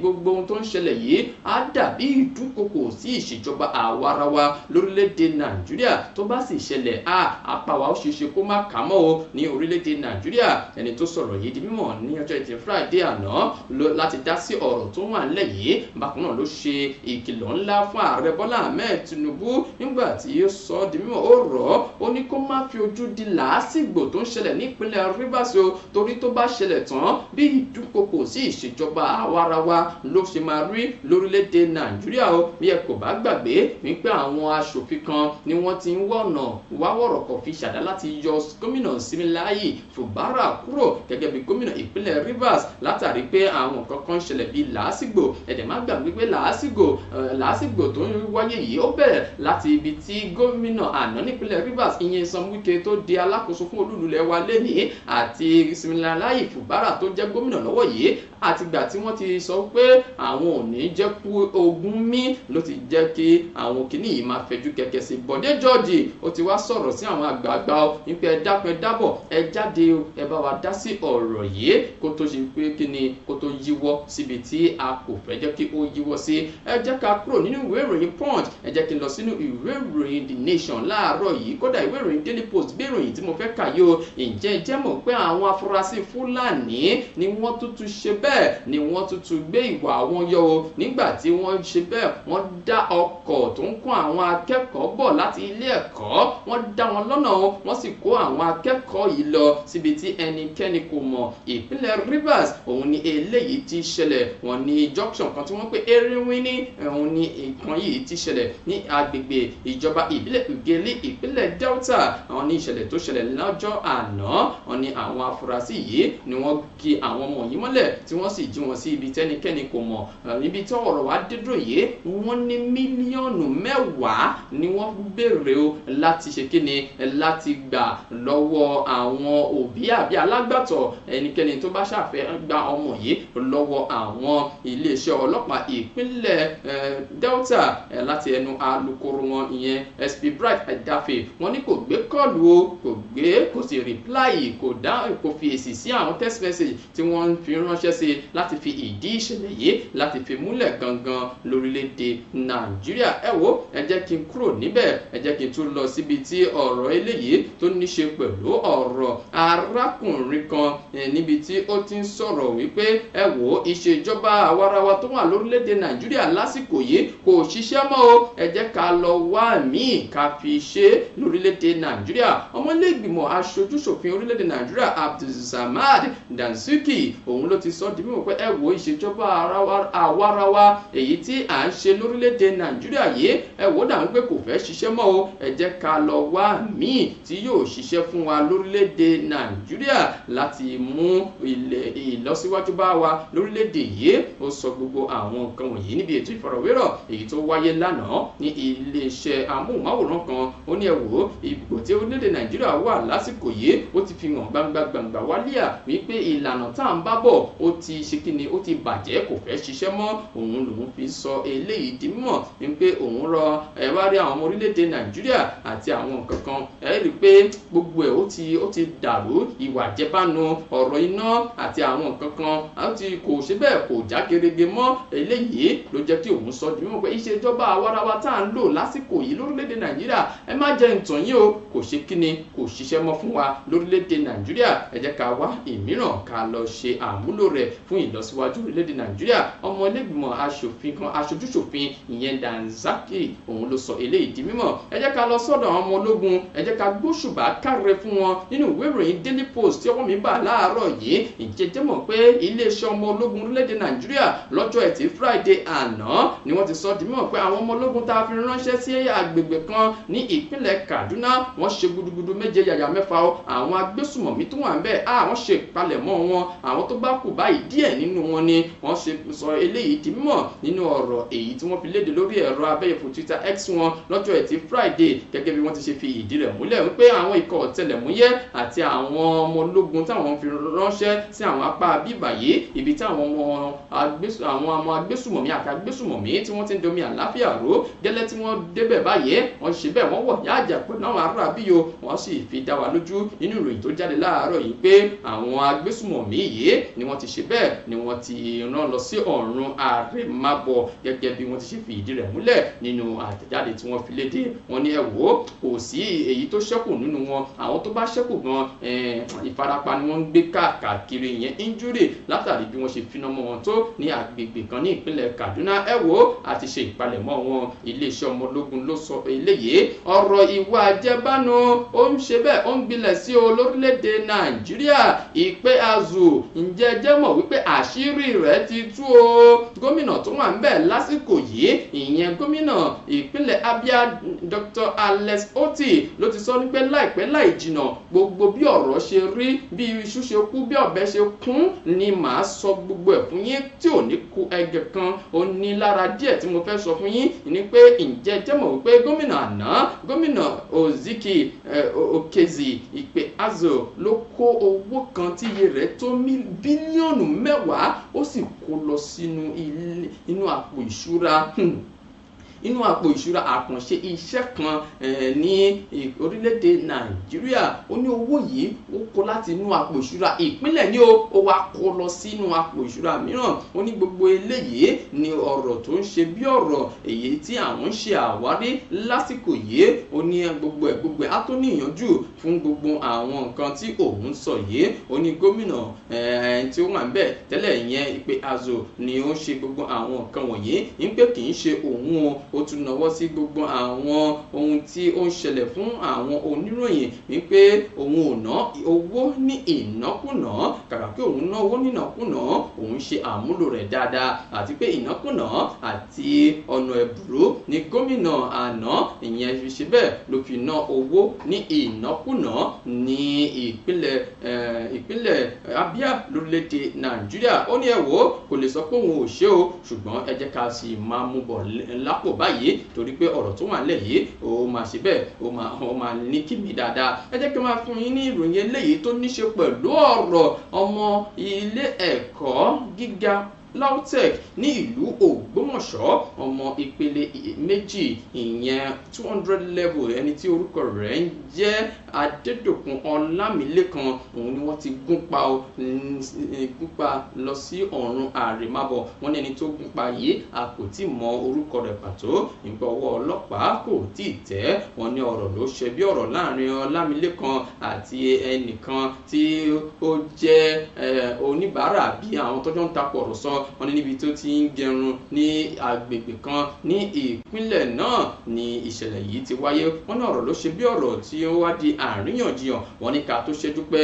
gbogbo ohun tó ń ṣẹlẹ̀ yìí á dàbí ìdúnkokò sí ìṣèjọba àwarawa lórílẹ̀‐èdè nàìjíríà tó bá sì ṣẹlẹ̀ á apàwà ó ṣeéṣe kó má kà mọ́ o ní orílẹ̀-èdè nàìjíríà ẹni tó sọ̀rọ̀ yìí di mímọ̀ ní ọjọ́ ìjẹ́ friday àná láti dá sí ọ̀rọ̀ tó wà nílẹ̀ yìí bákan náà ló ṣe ìkìlọ̀ ńlá fún ààrẹ bọ́lá ahmed tinubu nígbà tí ó sọ ọ́ di mímọ̀ ó rọ̀ ọ́ ó ní kó má fi ojú di làásìgbò tó ń ṣẹlẹ̀ nípínlẹ̀ rivers o torí tó bá ṣẹlẹ̀ tán bí ìdúnkokò sí ìṣèjọba àwarawa ló ṣe máa rí lórílẹ̀‐èdè nàìjíríà o bí ẹ kò bá gbàgbé wípé àwọn aṣòfin kan ni wọ́n ti ń wọ̀nà wáwọ̀rọ̀ ọkọ̀ fi ṣàdá láti yọ gómìnà Similayi Fubara kúrò gẹ́gẹ́ bí gómìnà ìpínlẹ̀ Rivers látàrí pé àwọn kankan ṣẹlẹ̀ bíi làásìgbò ẹ̀dẹ̀ má gbàgbé pé làásìgbò làásìgbò tó ń wáyé yìí ó bẹ̀rẹ̀ láti ibi tí gómìnà àná nípínlẹ̀ Rivers ìyẹn Sam Wike tó di alákòóso fún olúlulẹ̀ wa lẹ́nìí àti Similayi Fubara tó jẹ́ gómìnà lọ́wọ́ yìí àtìgbà tí wọ́n ti sọ pé àwọn ò ní jẹ́ kú ogún mí ló ti jẹ́ kí àwọn kìnnìyàn máa fẹjú kẹ̀kẹ́ sí Bọ̀dé George ó ti wá sọ̀rọ̀ sí àwọn àgbààgbà ọ wípé ẹ dákun ẹ dábọ̀ ẹ jáde o ẹ bá wa dá sí ọ̀rọ̀ yìí kó tó ṣe pé kí ni kó tó yíwọ́ síbi tí a kò fẹ́ jẹ́ kí ó yíwọ́ sí ẹ jẹ́ ká kúrò nínú ìwé ìròyìn punch ẹ jẹ́ kí n lọ sínú ìwé ìròyìn the nation láàárọ̀ yìí kódà ìwé ìròyìn daily post gbé ìròyìn tí mo fẹ́ kà yó ǹjẹ́ jẹ́ mọ̀ pé àwọn afurasí fúlàní ni wọ́n tuntun ṣe bẹ́ẹ̀ ni wọ́n tuntun gbé ìwà wọn yọ o nígbà tí wọ́n ṣe bẹ́ẹ̀ wọ́n dá ọkọ̀ tó ń kó àwọn akẹ́kọ̀ọ́ bọ̀ láti ilé ẹ̀kọ́ wọ́n dá wọn wọn lọ́nà wọ́n sì kó àwọn akẹ́kọ̀ọ́ yìí lọ síbi tí ẹnikẹ́ni kò mọ̀ ìpínlẹ̀ Rivers òun ni eléyìí ti ṣẹlẹ̀ wọ́n ní junction kan tí wọ́n pè Erinwin ní òun ni nǹkan yìí ti ṣẹlẹ̀ ní agbègbè ìjọba ìbílẹ̀ Ugele ìpínlẹ̀ Delta wọ́n ní ìṣẹ̀lẹ̀ tó ṣẹlẹ̀ lọ́jọ́ àná wọ́n ní àwọn afurasí yìí ni wọ́n ki àwọn ọmọ yìí mọ́lẹ̀ tí wọ́n sì jí wọn sí ibi tẹ́nikẹ́ni kò mọ̀ níbi tí ọ̀rọ̀ wá dédò yìí wọ́n ní mílíọ̀nù mẹ́wàá ni wọ́n béèrè o láti ṣe kíni láti gbà lọ́wọ́ àwọn òbí àbí alágbàtọ̀ ẹnikẹ́ni tó bá ṣàfẹ́ gba ọmọ yìí lọ́wọ́ àwọn iléeṣẹ́ ọlọ́pàá ìpínlẹ̀ Delta láti ẹnu alukoro wọn ìyẹn SP Bright Idafe wọ́n ní kò gbé kọ́ọ̀lù o kò gbé kò sì rìpláì kò dá kò fi èsì sí àwọn text message tí wọ́n fi ránṣẹ́ sí láti fi ìdí ìṣẹ̀lẹ̀ yìí láti fi múlẹ̀ gangan lórílẹ̀‐èdè Nàìjíríà ẹ wo ẹ jẹ́ kí n kúrò níbẹ̀ ẹ jẹ́ kí n tún lọ síbi tí ọ̀ ọ̀rọ̀ eléyìí tó ní ṣe pẹ̀lú ọ̀rọ̀ arákùnrin kan eh, níbi tí ó ti ń sọ̀rọ̀ wípé ẹ wò ó ìṣèjọba àwarawa tó wà lórílẹ̀‐èdè nàìjíríà lásìkò yìí kò ṣiṣẹ́ mọ́ o ẹ jẹ́ ká lọ wá míì ká fi ṣe lórílẹ̀‐èdè nàìjíríà ọmọlẹ́gbìmọ̀ aṣojúṣòfin orílẹ̀‐èdè nàìjíríà abdulsamad dansuki òun ló ti sọ di mímọ̀ pé ẹ wò ó ìṣèjọba àwarawa èyí tí à ń ṣe lórílẹ̀‐èdè nàìjíríà yìí ẹ wò ó dà ń pé kò fẹ́ ṣiṣẹ́ mọ́ o ẹ jẹ́ ká lọ wá míì tí yóò ṣiṣẹ́ fún wa lórílẹ̀‐èdè nàìjíríà láti mú ìlọsíwájú bá wa lórílẹ̀‐èdè yìí ó sọ gbogbo àwọn nǹkan wọ̀nyí níbi ètò ìfọ̀rọ̀wérọ̀ èyí tó wáyé lánàá ní iléeṣẹ́ amóhùnmáwòrán kan ó ní ẹ wò ipò tí orílẹ̀‐èdè nàìjíríà wà lásìkò yìí ó ti fi hàn gbangba gbangba wálíà wípé ìlànà tá à ń bá bọ̀ ó ti ṣe kí ni ó ti bàjẹ́ kò fẹ́ ṣiṣẹ́ mọ́ òun lòun fi sọ eléyìí di mímọ̀ wípé òun rọ ẹ rí àwọn orílẹ̀-èdè nàìjíríà àti àwọn nǹkan kan ẹ rí i pé gbogbo ẹ̀ ó ti ó ti dàrú ìwà jẹbánu ọ̀rọ̀ iná àti àwọn nǹkan kan àti kò ṣe bẹ́ẹ̀ kò já gerege mọ́ eléyìí ló jẹ́ kí òun sọ di mímọ̀ pé ìṣèjọba àwarawa tá à ń lò lásìkò yìí lórílẹ̀‐èdè nàìjíríà ẹ má jẹ́ ǹtàn yín o kò ṣe kíni kò ṣiṣẹ́ mọ́ fún wa lórílẹ̀‐èdè nàìjíríà ẹ jẹ́ ká wá ìmíràn ká lọ ṣe àmúlò rẹ̀ fún ìlọsíwájú orílẹ̀‐èdè nàìjíríà ọmọ ilé-ìgbìmọ̀ kan aṣojúṣòfin ìyẹn Danzaki òun ló sọ eléyìí di mímọ̀ ẹ jẹ́ ká lọ sọ́dọ̀ àwọn ọmọ ológun ẹ jẹ́ ká gbóṣùbà kárẹ̀ fún wọn nínú ìwé ìròyìn daily post tí ọwọ́ mi bà láàárọ̀ yìí ìjẹjẹ́ mọ̀ pé iléeṣẹ́ ọmọ ológun orílẹ̀-èdè nàìjíríà lọ́jọ́ ẹtì friday àná ni wọ́n ti sọ di mímọ̀ pé àwọn ọmọ ológun tá a fi ránṣẹ́ sí agbègbè kan ní ìpínlẹ̀ kaduna wọ́n ṣe gudugudu méje yàyà mẹ́fà o àwọn agbésùmọ̀mí tó wà ń bẹ̀ á wọ́n ṣe ìpalẹ̀mọ́ wọn àwọn tó bá kù báyìí díẹ̀ nínú wọn ni wọ́n ṣe sọ eléyìí di mímọ̀ nínú ọ̀rọ̀ èyí tí wọ́n fi léde lórí ẹ̀rọ abẹ́yẹ̀fọ́ twitter x wọn lọ́jọ́ ẹtì friday gẹ́gẹ́ bí wọ́n ti ṣe fi ì fìdí rẹ̀ múlẹ̀ wípé àwọn ikọ̀ ọ̀tẹlẹ̀múyẹ́ àti àwọn ọmọ ológun táwọn fi ránṣẹ́ sí àwọn apá bíbà yìí ibi táwọn ọmọ agbésùmọ̀mí àti agbésùmọ̀mí tí wọ́n ti ń domi àláfíà ró gẹ́lẹ́ tí wọ́n débẹ̀ báyìí wọ́n ṣe bẹ́ẹ̀ wọ́n wọ̀ yáàjà pẹ̀lú àwọn ará bíyo wọ́n sì fi dá wa lójú nínú ìròyìn tó jáde láàárọ̀ yìí pé àwọn agbésùmọ̀mí yìí ni wọ́n ti ṣe bẹ́ẹ̀ ni wọ́n ti rán lọ sí ọ̀run àrèmábọ̀ gẹ́gẹ́ bí wọ́n ti ṣe fi ìdí rẹ̀ múlẹ̀ nínú àtẹ̀jáde tí wọ́n fi léde wọ́n ní ẹ wò ó kò sí èyí tó ṣẹ́kù nínú wọn àwọn tó bá ṣẹ́kù gan eh, ìfarapa ni wọ́n ń gbé káàkiri ìyẹn injury látàrí bí wọ́n ṣe finá mọ́ wọn tó ní agbègbè kan ní ìpínlẹ̀ Kaduna ẹ wò ó àti ṣe ìpalẹ̀mọ́ wọn iléeṣẹ́ ọmọ ológun ló sọ eléyìí ọ̀rọ̀ ìwà àjẹbánu ó ń ṣe bẹ́ẹ̀ ó ń gbilẹ̀ sí o lórílẹ̀‐èdè Nàìjíríà ìpè azù ǹjẹ́ jẹ́ mọ̀ wípé àṣírí rẹ̀ ti tú o gómìnà tó wà ń bẹ̀ lásìkò yìí ìyẹn gómìnà ìpínlẹ̀ Abia Dr. Alex Oti ló ti sọ wípé láìpẹ́ láì jìnà gbogbo bí ọ̀rọ̀ ṣe rí bí iṣu ṣe kú bí ọ̀bẹ ṣe kún ni màá sọ gbogbo ẹ̀ fún yín tí ò ní ku ẹgẹ̀ kan ó ní lára díẹ̀ tí mo fẹ́ sọ fún yín ni pé ǹjẹ́ jẹ́ mọ̀ wípé gómìnà àná gómìnà Oziki Okezi Ikpe Azzo ló kó owó kan tí iye rẹ̀ tó bílíọ̀nù mẹ́wàá ó sì kó lọ sínú àpò ìṣúra. Hmm inú àpò ìṣúra àkànṣe iṣẹ́ kan eh, ní orílẹ̀-èdè nàìjíríà ó ní owó yìí ó kó láti inú àpò ìṣúra ìpínlẹ̀ ní ó wá kó lọ sínú àpò ìṣúra mìíràn ó ní gbogbo eléyìí ni ọ̀rọ̀ tó ń ṣe bí ọ̀rọ̀ èyí tí àwọn ń ṣe àwárí lásìkò yìí ó ní gbogbo ẹ̀ gbogbo ẹ̀ á tó níyànjú fún gbogbo àwọn nǹkan tí òun sọ yìí ó ní gómìnà eh, tí ó wà ń tẹ́lẹ̀ ìyẹn Ipe Azo ni ó ń ṣe gbogbo àwọn nǹkan wọ̀nyí ń ó tún nawọ́ sí gbogbo àwọn ohun tí ó ń ṣẹlẹ̀ fún àwọn oníròyìn wípé òun ò ná owó ní ìnákùná kàkà pé òun náwó nínàkùná òun ṣe àmúlò rẹ̀ dáadáa àti pé ìnákùná àti ọ̀nà ẹ̀bùrú ni gómìnà àná ìyẹn fi ṣe bẹ́ẹ̀ ló fi ná owó ní ìnákùná ní ìpínlẹ̀ ìpínlẹ̀ Abia lórílẹ̀‐èdè Nàìjíríà ó ní ẹ̀wọ́ kò lè sọ pé òun ò ṣe o ṣùgbọ́n ẹ jẹ́ ká sì máa mú bọ̀ lápò báyìí torí pé ọ̀rọ̀ tó wà nílẹ̀ yìí ó máa ṣe bẹ́ẹ̀ ó máa ó máa ní kìmí dáadáa ẹ jẹ́ kí n máa fún yín ní ìròyìn eléyìí tó ní ṣe pẹ̀lú ọ̀rọ̀ ọmọ ilé ẹ̀kọ́ gíga lautech ní ìlú ògbómọ̀ṣọ́ ọmọ ìpele méjì ìyẹn two hundred level ẹni tí orúkọ rẹ̀ ń jẹ́ adédòkun ọlámilẹ́kan òun ni wọ́n ti gúnpa o gúnpa lọ sí ọ̀run àrèmábọ̀ wọ́n ní ẹni tó gúnpa yìí a kò tí mọ orúkọ rẹ̀ pàtó nígbà ọwọ́ ọlọ́pàá kò tí ì tẹ̀ wọ́n ní ọ̀rọ̀ ló ṣe bí ọ̀rọ̀ láàrin ọlámilẹ́kan àti ẹnìkan tí ó jẹ́ oníbàárà bí àwọn tọ́jọ́ ń tapọ̀ ọ̀rọ̀ sọ wọ́n ní níbi tó ti ń gẹrun ní agbègbè kan ní ìpínlẹ̀ náà ni ìṣẹ̀lẹ̀ yìí ti wáyé wọ́n ní ọ̀rọ̀ ló ṣe bí ọ̀rọ̀ tí ó wá di àríyànjiyàn wọ́n ní ká tó ṣẹ́jú pé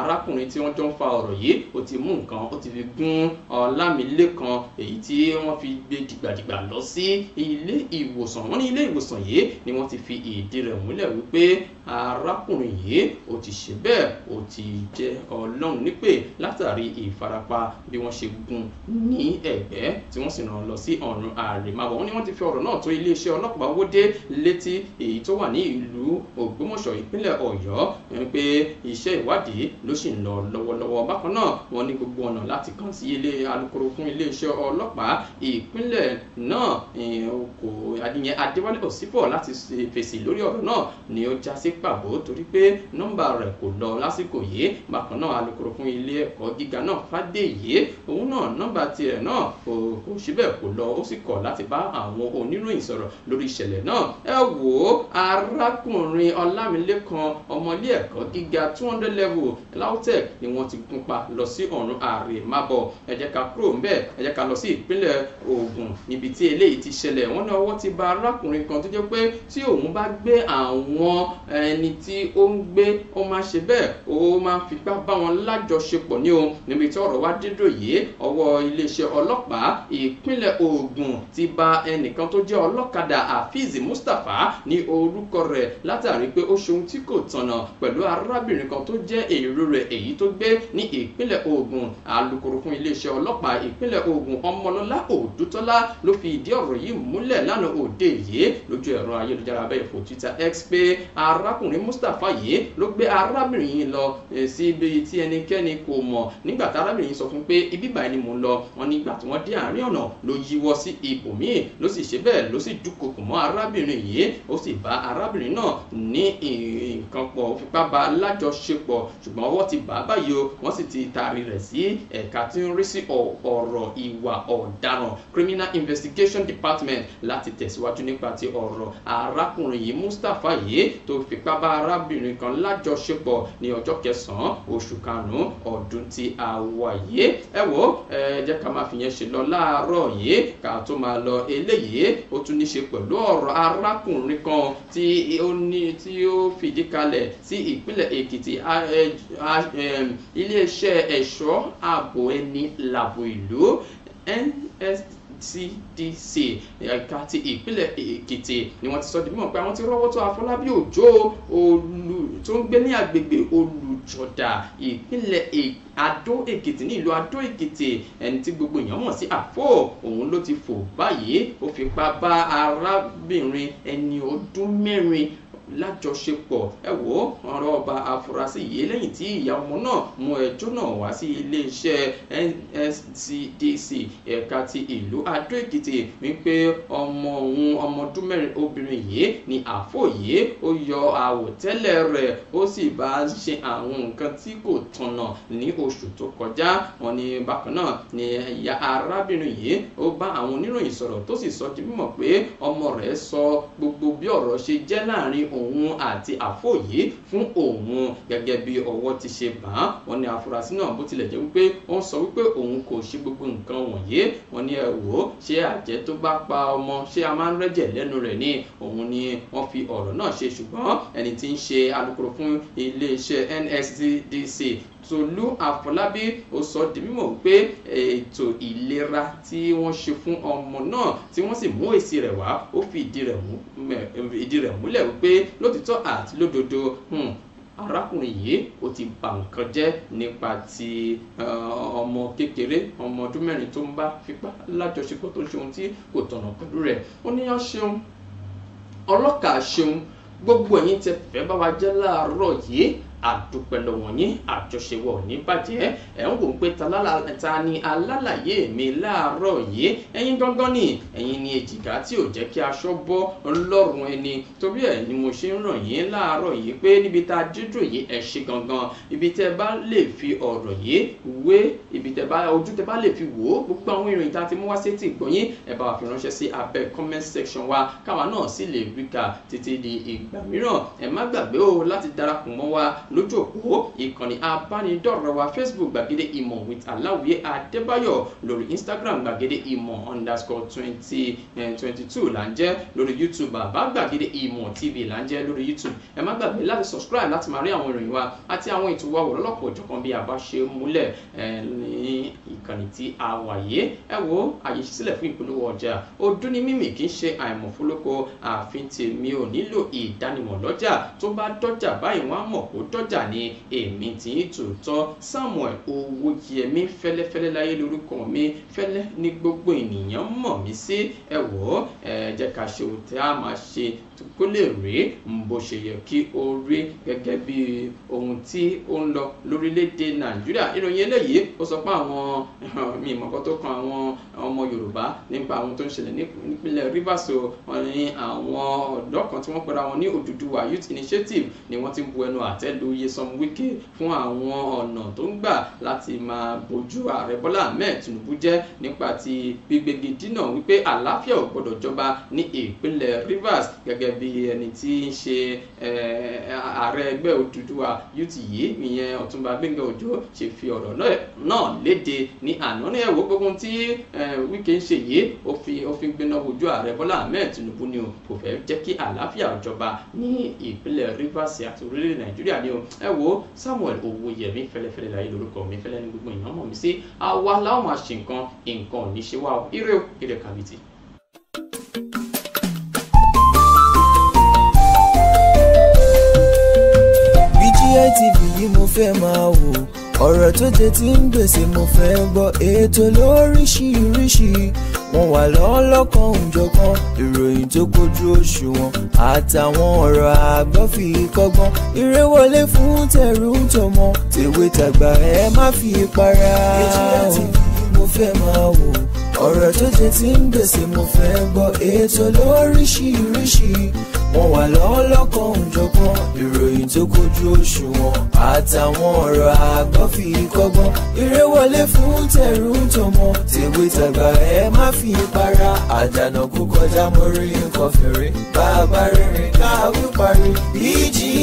arákùnrin tí wọ́n jọ ń fa ọ̀rọ̀ yìí ó ti mú nǹkan ó ti fi gún ọlámilẹ́kan èyí tí wọ́n fi gbé dìgbàdìgbà lọ sí ilé ìwòsàn wọ́n ní ilé ìwòsàn yìí ni wọ́n ti fi ìdí rẹ̀ múlẹ̀ wípé arákùnrin yìí ó ti ṣe bẹ́ẹ̀ ó ti jẹ́ ọlọ́run nípè látàrí ìfarapa bí wọ́n ṣe gún ní ẹ̀gbẹ́ tí wọ́n sì rán lọ sí ọ̀run àrèmábọ̀ wọ́n ní wọ́n ti fi ọ̀rọ̀ náà tó iléeṣẹ́ ọlọ́pàá wódé létí èyí tó wà ní ìlú Ògbómọ̀ṣọ́ ìpínlẹ̀ Ọ̀yọ́ pé iṣẹ́ ìwádìí ló sì ń lọ lọ́wọ́lọ́wọ́ bákan náà wọ́n ní gbogbo ọ̀nà láti kàn sí ilé alukoro fún iléeṣẹ́ ọlọ́pàá ìpínlẹ̀ náà kò adìyẹn Adéwálé Òsínbọ̀ láti fèsì lórí ọ̀rọ̀ náà ni ó já sí pàbó torí pé nọ́mbà rẹ̀ kò lọ lásìkò yìí bákan náà alukoro fún ilé ẹ̀kọ́ gíga náà Fádèyí òun náà nọ́mb nípa tiẹ̀ náà kò síbẹ̀ kò lọ ó sì kọ̀ láti bá àwọn oníròyìn sọ̀rọ̀ lórí ìṣẹ̀lẹ̀ náà ẹ wò ó arákùnrin ọlámilékan ọmọlé ẹ̀kọ́ gíga two hundred level lautech ni wọ́n ti gún pa lọ sí ọ̀run àrèmábọ̀ ẹ jẹ́ ká kúrò ńbẹ̀ ẹ jẹ́ ká lọ sí ìpínlẹ̀ Ògùn níbi tí eléyìí ti ṣẹlẹ̀ wọ́n ní ọwọ́ ti bà arákùnrin kan tó jẹ́ pé tí òun bá gbé àwọn ẹni tí ó ń gbé ó máa ṣe bẹ́ẹ̀ ó máa fipá bá wọn lájọṣepọ̀ ní òun níbi tí ọ̀rọ̀ wá dédò yìí ọwọ́ iléeṣẹ́ ọlọ́pàá ìpínlẹ̀ Ògùn ti ba ẹnìkan tó jẹ́ ọlọ́kadà Hafiz Mustapha ní orúkọ rẹ̀ látàrí pé ó ṣe ohun tí kò tọ̀nà pẹ̀lú arábìnrin kan tó jẹ́ èrò rẹ̀ èyí tó gbé ní ìpínlẹ̀ Ògùn alukoro fún iléeṣẹ́ ọlọ́pàá ìpínlẹ̀ Ògùn Ọmọlọ́lá Òdútọ́lá ló fi ìdí ọ̀rọ̀ yìí múlẹ̀ lánàá òde yìí lójú ẹ̀rọ ayélujára abẹ́ ìfò Twitter X pé arákùnrin Mustapha yìí ló gbé arábìnrin yìí lọ eh, sí ibi tí ẹnikẹ́ni kò mọ̀ nígbà tárábìnrin yìí sọ fún pé ibí ni mò ń lọ wọ́n nígbà tí wọ́n dé àárín ọ̀nà ló yíwọ́ sí ibòmíì ló sì ṣe bẹ́ẹ̀ ló sì dúnkokò mọ́ arábìnrin yìí ó sì bá arábìnrin náà ní nǹkan pọ̀ fipá bá lájọṣepọ̀ ṣùgbọ́n ọwọ́ ti bá báyìí o wọ́n sì ti taari rẹ̀ sí ẹ̀ka tí ń rí sí ọ̀rọ̀ ìwà ọ̀daràn criminal investigation department láti tẹ̀síwájú nípa ti ọ̀rọ̀ arákùnrin yìí mustapha yìí tó fipá ba arábìnrin kan lájọṣepọ̀ ní ọjọ́ kẹsàn-án oṣù karùn-ún ọdún tí a wà yìí ẹ wò ẹ jẹ́ ká máa fìyẹn ṣe lọ láàárọ̀ yìí ká tó máa lọ eléyìí ó tún ní ṣe pẹ̀lú ọ̀rọ̀ arákùnrin kan tí ó ní tí ó fìdí kalẹ̀ sí ìpínlẹ̀ Èkìtì iléeṣẹ́ ẹ̀ṣọ́ ààbò ẹni làbò ìlú NSD TDC ẹ̀ka ti ìpínlẹ̀ Èkìtì ni wọ́n ti sọ di mímọ̀ pé àwọn ti rọ́wọ́ tó Afọlábí Òjó olù tó ń gbé ní agbègbè Olùjọ̀dà ìpínlẹ̀ Èkìtì e, adó èkìtì ní ìlú adó èkìtì ẹni tí gbogbo èèyàn mọ̀ sí àfò òun ló ti fò báyìí ó fipá bá arábìnrin ẹni ọdún mẹ́rin lájọṣepọ̀ ẹ wò ó ọ̀rọ̀ ọba afurasí yìí lẹ́yìn tí ìyá ọmọ náà mú ẹjọ́ náà wá sí iléeṣẹ́ NSCDC ẹ̀ka ti ìlú Adó Èkìtì wípé ọmọ òun ọmọ ọdún mẹ́rin obìnrin yìí ni àfò yìí ó yọ àwòtẹ́lẹ̀ rẹ̀ ó sì bá a ṣe àwọn nǹkan tí kò tọ̀nà ní oṣù tó kọjá wọn ni bákan náà ni ìyá arábìnrin yìí ó bá àwọn oníròyìn sọ̀rọ̀ tó sì sọ di mímọ̀ pé ọmọ rẹ̀ sọ gbogbo bí ọ̀rọ̀ òun àti àfò yìí fún òun gẹ́gẹ́ bí ọwọ́ ti ṣe bà á wọ́n ní afurasí náà bó tilẹ̀ jẹ́ wípé wọ́n sọ wípé òun kò ṣe gbogbo nǹkan wọ̀nyí wọ́n ní ẹ wò ó ṣé àjẹ́ tó bá pa ọmọ ṣé a máa ń rẹ́jẹ̀ lẹ́nu rẹ̀ ni òun ni wọ́n fi ọ̀rọ̀ náà ṣe ṣùgbọ́n ẹni tí ń ṣe alukoro fún iléeṣẹ́ NSCDC Tolú Àfọlábí ó sọ di mímọ̀ pé ètò ìlera tí wọ́n ṣe fún ọmọ náà tí wọ́n sì mú èsì rẹ̀ wá ó fi ìdí rẹ̀ múlẹ̀ wípé lótìtọ́ àti lódodo hmm, arákùnrin yìí ó ti bà nǹkan jẹ́ nípa ti ọmọ kékeré ọmọ ọdún mẹ́rin tó ń bá fipá lájọṣepọ̀ tó ń ṣe ohun tí kò tọ̀nà pẹ̀lú rẹ̀ ó níyàn ṣeun ọlọ́kà ṣeun gbogbo ẹ̀yin tẹ́ fẹ́ bá wa jẹ́ láàárọ̀ yìí àdúpẹ́lọ wọ̀nyí àjọṣe ní bàjẹ́ ẹ̀ ń wò pé ta ni alálàyé mi láàárọ̀ yìí ẹ̀yin gangan ni ẹ̀yin ni èjìká tí ò jẹ́ kí aṣọ bọ́ lọ́rùn ẹni torí ẹ̀ ni mo ṣe ń ràn yín láàárọ̀ yìí pé níbi tá a dídùn yìí ẹ̀ ṣe gangan ibi tẹ́ bá lè fi ọ̀rọ̀ yìí wé ibi tẹ́ bá ojú tẹ́ bá lè fi wò ó gbogbo àwọn ìròyìn tá a ti mú wá sí ti gbọ̀nyìn ẹ̀ bá fi ránṣẹ́ sí abẹ́ comment lójú òpó ìkànnì abánidọ́rẹ̀ wa facebook gbàgede ìmọ̀ with aláwìyé adébáyọ̀ lórí instagram gbàgede ìmọ̀ underscore twenty eh, twenty two là ń jẹ́ lórí youtube bàbá gbàgede ìmọ̀ tv là ń jẹ́ lórí youtube ẹ má gbàgbé láti subscribe láti máa rí àwọn ìròyìn wa àti àwọn ètò wa wọ̀lọ́lọ́pọ̀ òjọ̀kan bí a bá ṣe múlẹ̀ eh, ní ìkànnì tí a wà yé ẹ wo àyè sílẹ̀ fún ìpolówó ọjà ọdún ní mímì kì í ṣe àìmọ̀fólókò àfin tèmi ò nílò ìdánimọ̀ lọ́jà tó bá dọ́jà báyìí wọ́n á mọ̀ kó dọ́ dọ́jà ni èmi tí ń tòótọ́ Samuel Owóyẹmí fẹ́lẹ́fẹ́lẹ́ láyé lórúkọ mi fẹ́lẹ́ ní gbogbo ènìyàn mọ̀ mí sí ẹ wò ó ẹ jẹ́ ká ṣe ohun tí a máa ṣe kó lè rí bó ṣe yẹ kí ó rí gẹ́gẹ́ bí ohun tí ó ń lọ lórílẹ̀‐èdè Nàìjíríà ìròyìn eléyìí ó sọ pé àwọn mi ìmọ̀kọ́ tó kan àwọn ọmọ Yorùbá nípa àwọn tó ń ṣẹlẹ̀ nípínlẹ̀ Rivers o wọn ní àwọn ọ̀dọ́ kan tí wọ́n pera wọn ní Odùduwà Youth Initiative ni wọ́n ti bu ẹnu àtẹ́ oyè san wíkì fún àwọn ọ̀nà tó ń gbà láti máa bójú ààrẹ bọ́lá ahmed tinubu jẹ́ nípa ti gbígbégi dínà wípé àlàáfíà ò gbọdọ̀ jọba ní ìpínlẹ̀ rivers gẹ́gẹ́ bí ẹni tí ń ṣe ààrẹ ẹgbẹ́ òdúdúwà ut yìí e, ìyẹn ọ̀túnba gbẹ̀ngàn òjò ṣe fi ọ̀rọ̀ náà léde ní àná ní ẹ̀wọ́ gbogbo tí wíkì ń ṣe yìí ó fi ó fi gbéná wojú ààrẹ bọ́lá ahmed tinubu ni kò fẹ́ jẹ́ kí àlàáfíà jọba ní ìpínlẹ̀ rivers àti orílẹ̀ nàìjíríà ni o o ẹ wo Samuel Owóyẹmí fẹlẹfẹlẹ láyé lórúkọ mi fẹlẹ ní gbogbo èèyàn mọ̀ mí sí àwa láwọn máa ṣe nǹkan nǹkan ní ṣe wá o ire o ire kàbìtì. BGI yìí mo fẹ́ máa wò ọ̀rọ̀ tó jẹ ti ń gbèsè mo fẹ́ gbọ́ ètò lóríṣiríṣi wọ́n wà lọ́wọ́ lọ́kàn òjọ̀kan ìròyìn tó kojú òṣùwọ̀n àtàwọn ọ̀rọ̀ àgbọ́ fi kọ́gbọ́n eré wọlé fún tẹ̀rù tọmọ tèwe tàgbà ẹ má fi para mo fẹ́ máa wò ọ̀rọ̀ tó jẹ ti ń gbèsè mo fẹ́ gbọ́ ètò lóríṣiríṣi wọ́n wà lọ́wọ́ lọ́kàn òjọ̀gbọ́n ìròyìn tó kojú òṣùwọ̀n àtàwọn ọ̀rọ̀ àgbọ́ fi kọ́gbọ́n eré wọlé fún tẹ̀rù tọmọ tèwe tàgbà ẹ má fi para àdànà kú kọjá mo rí nǹkan fèrè bàbá rìnrìn káwí parí BGI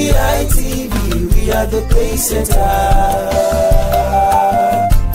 we are the pace setters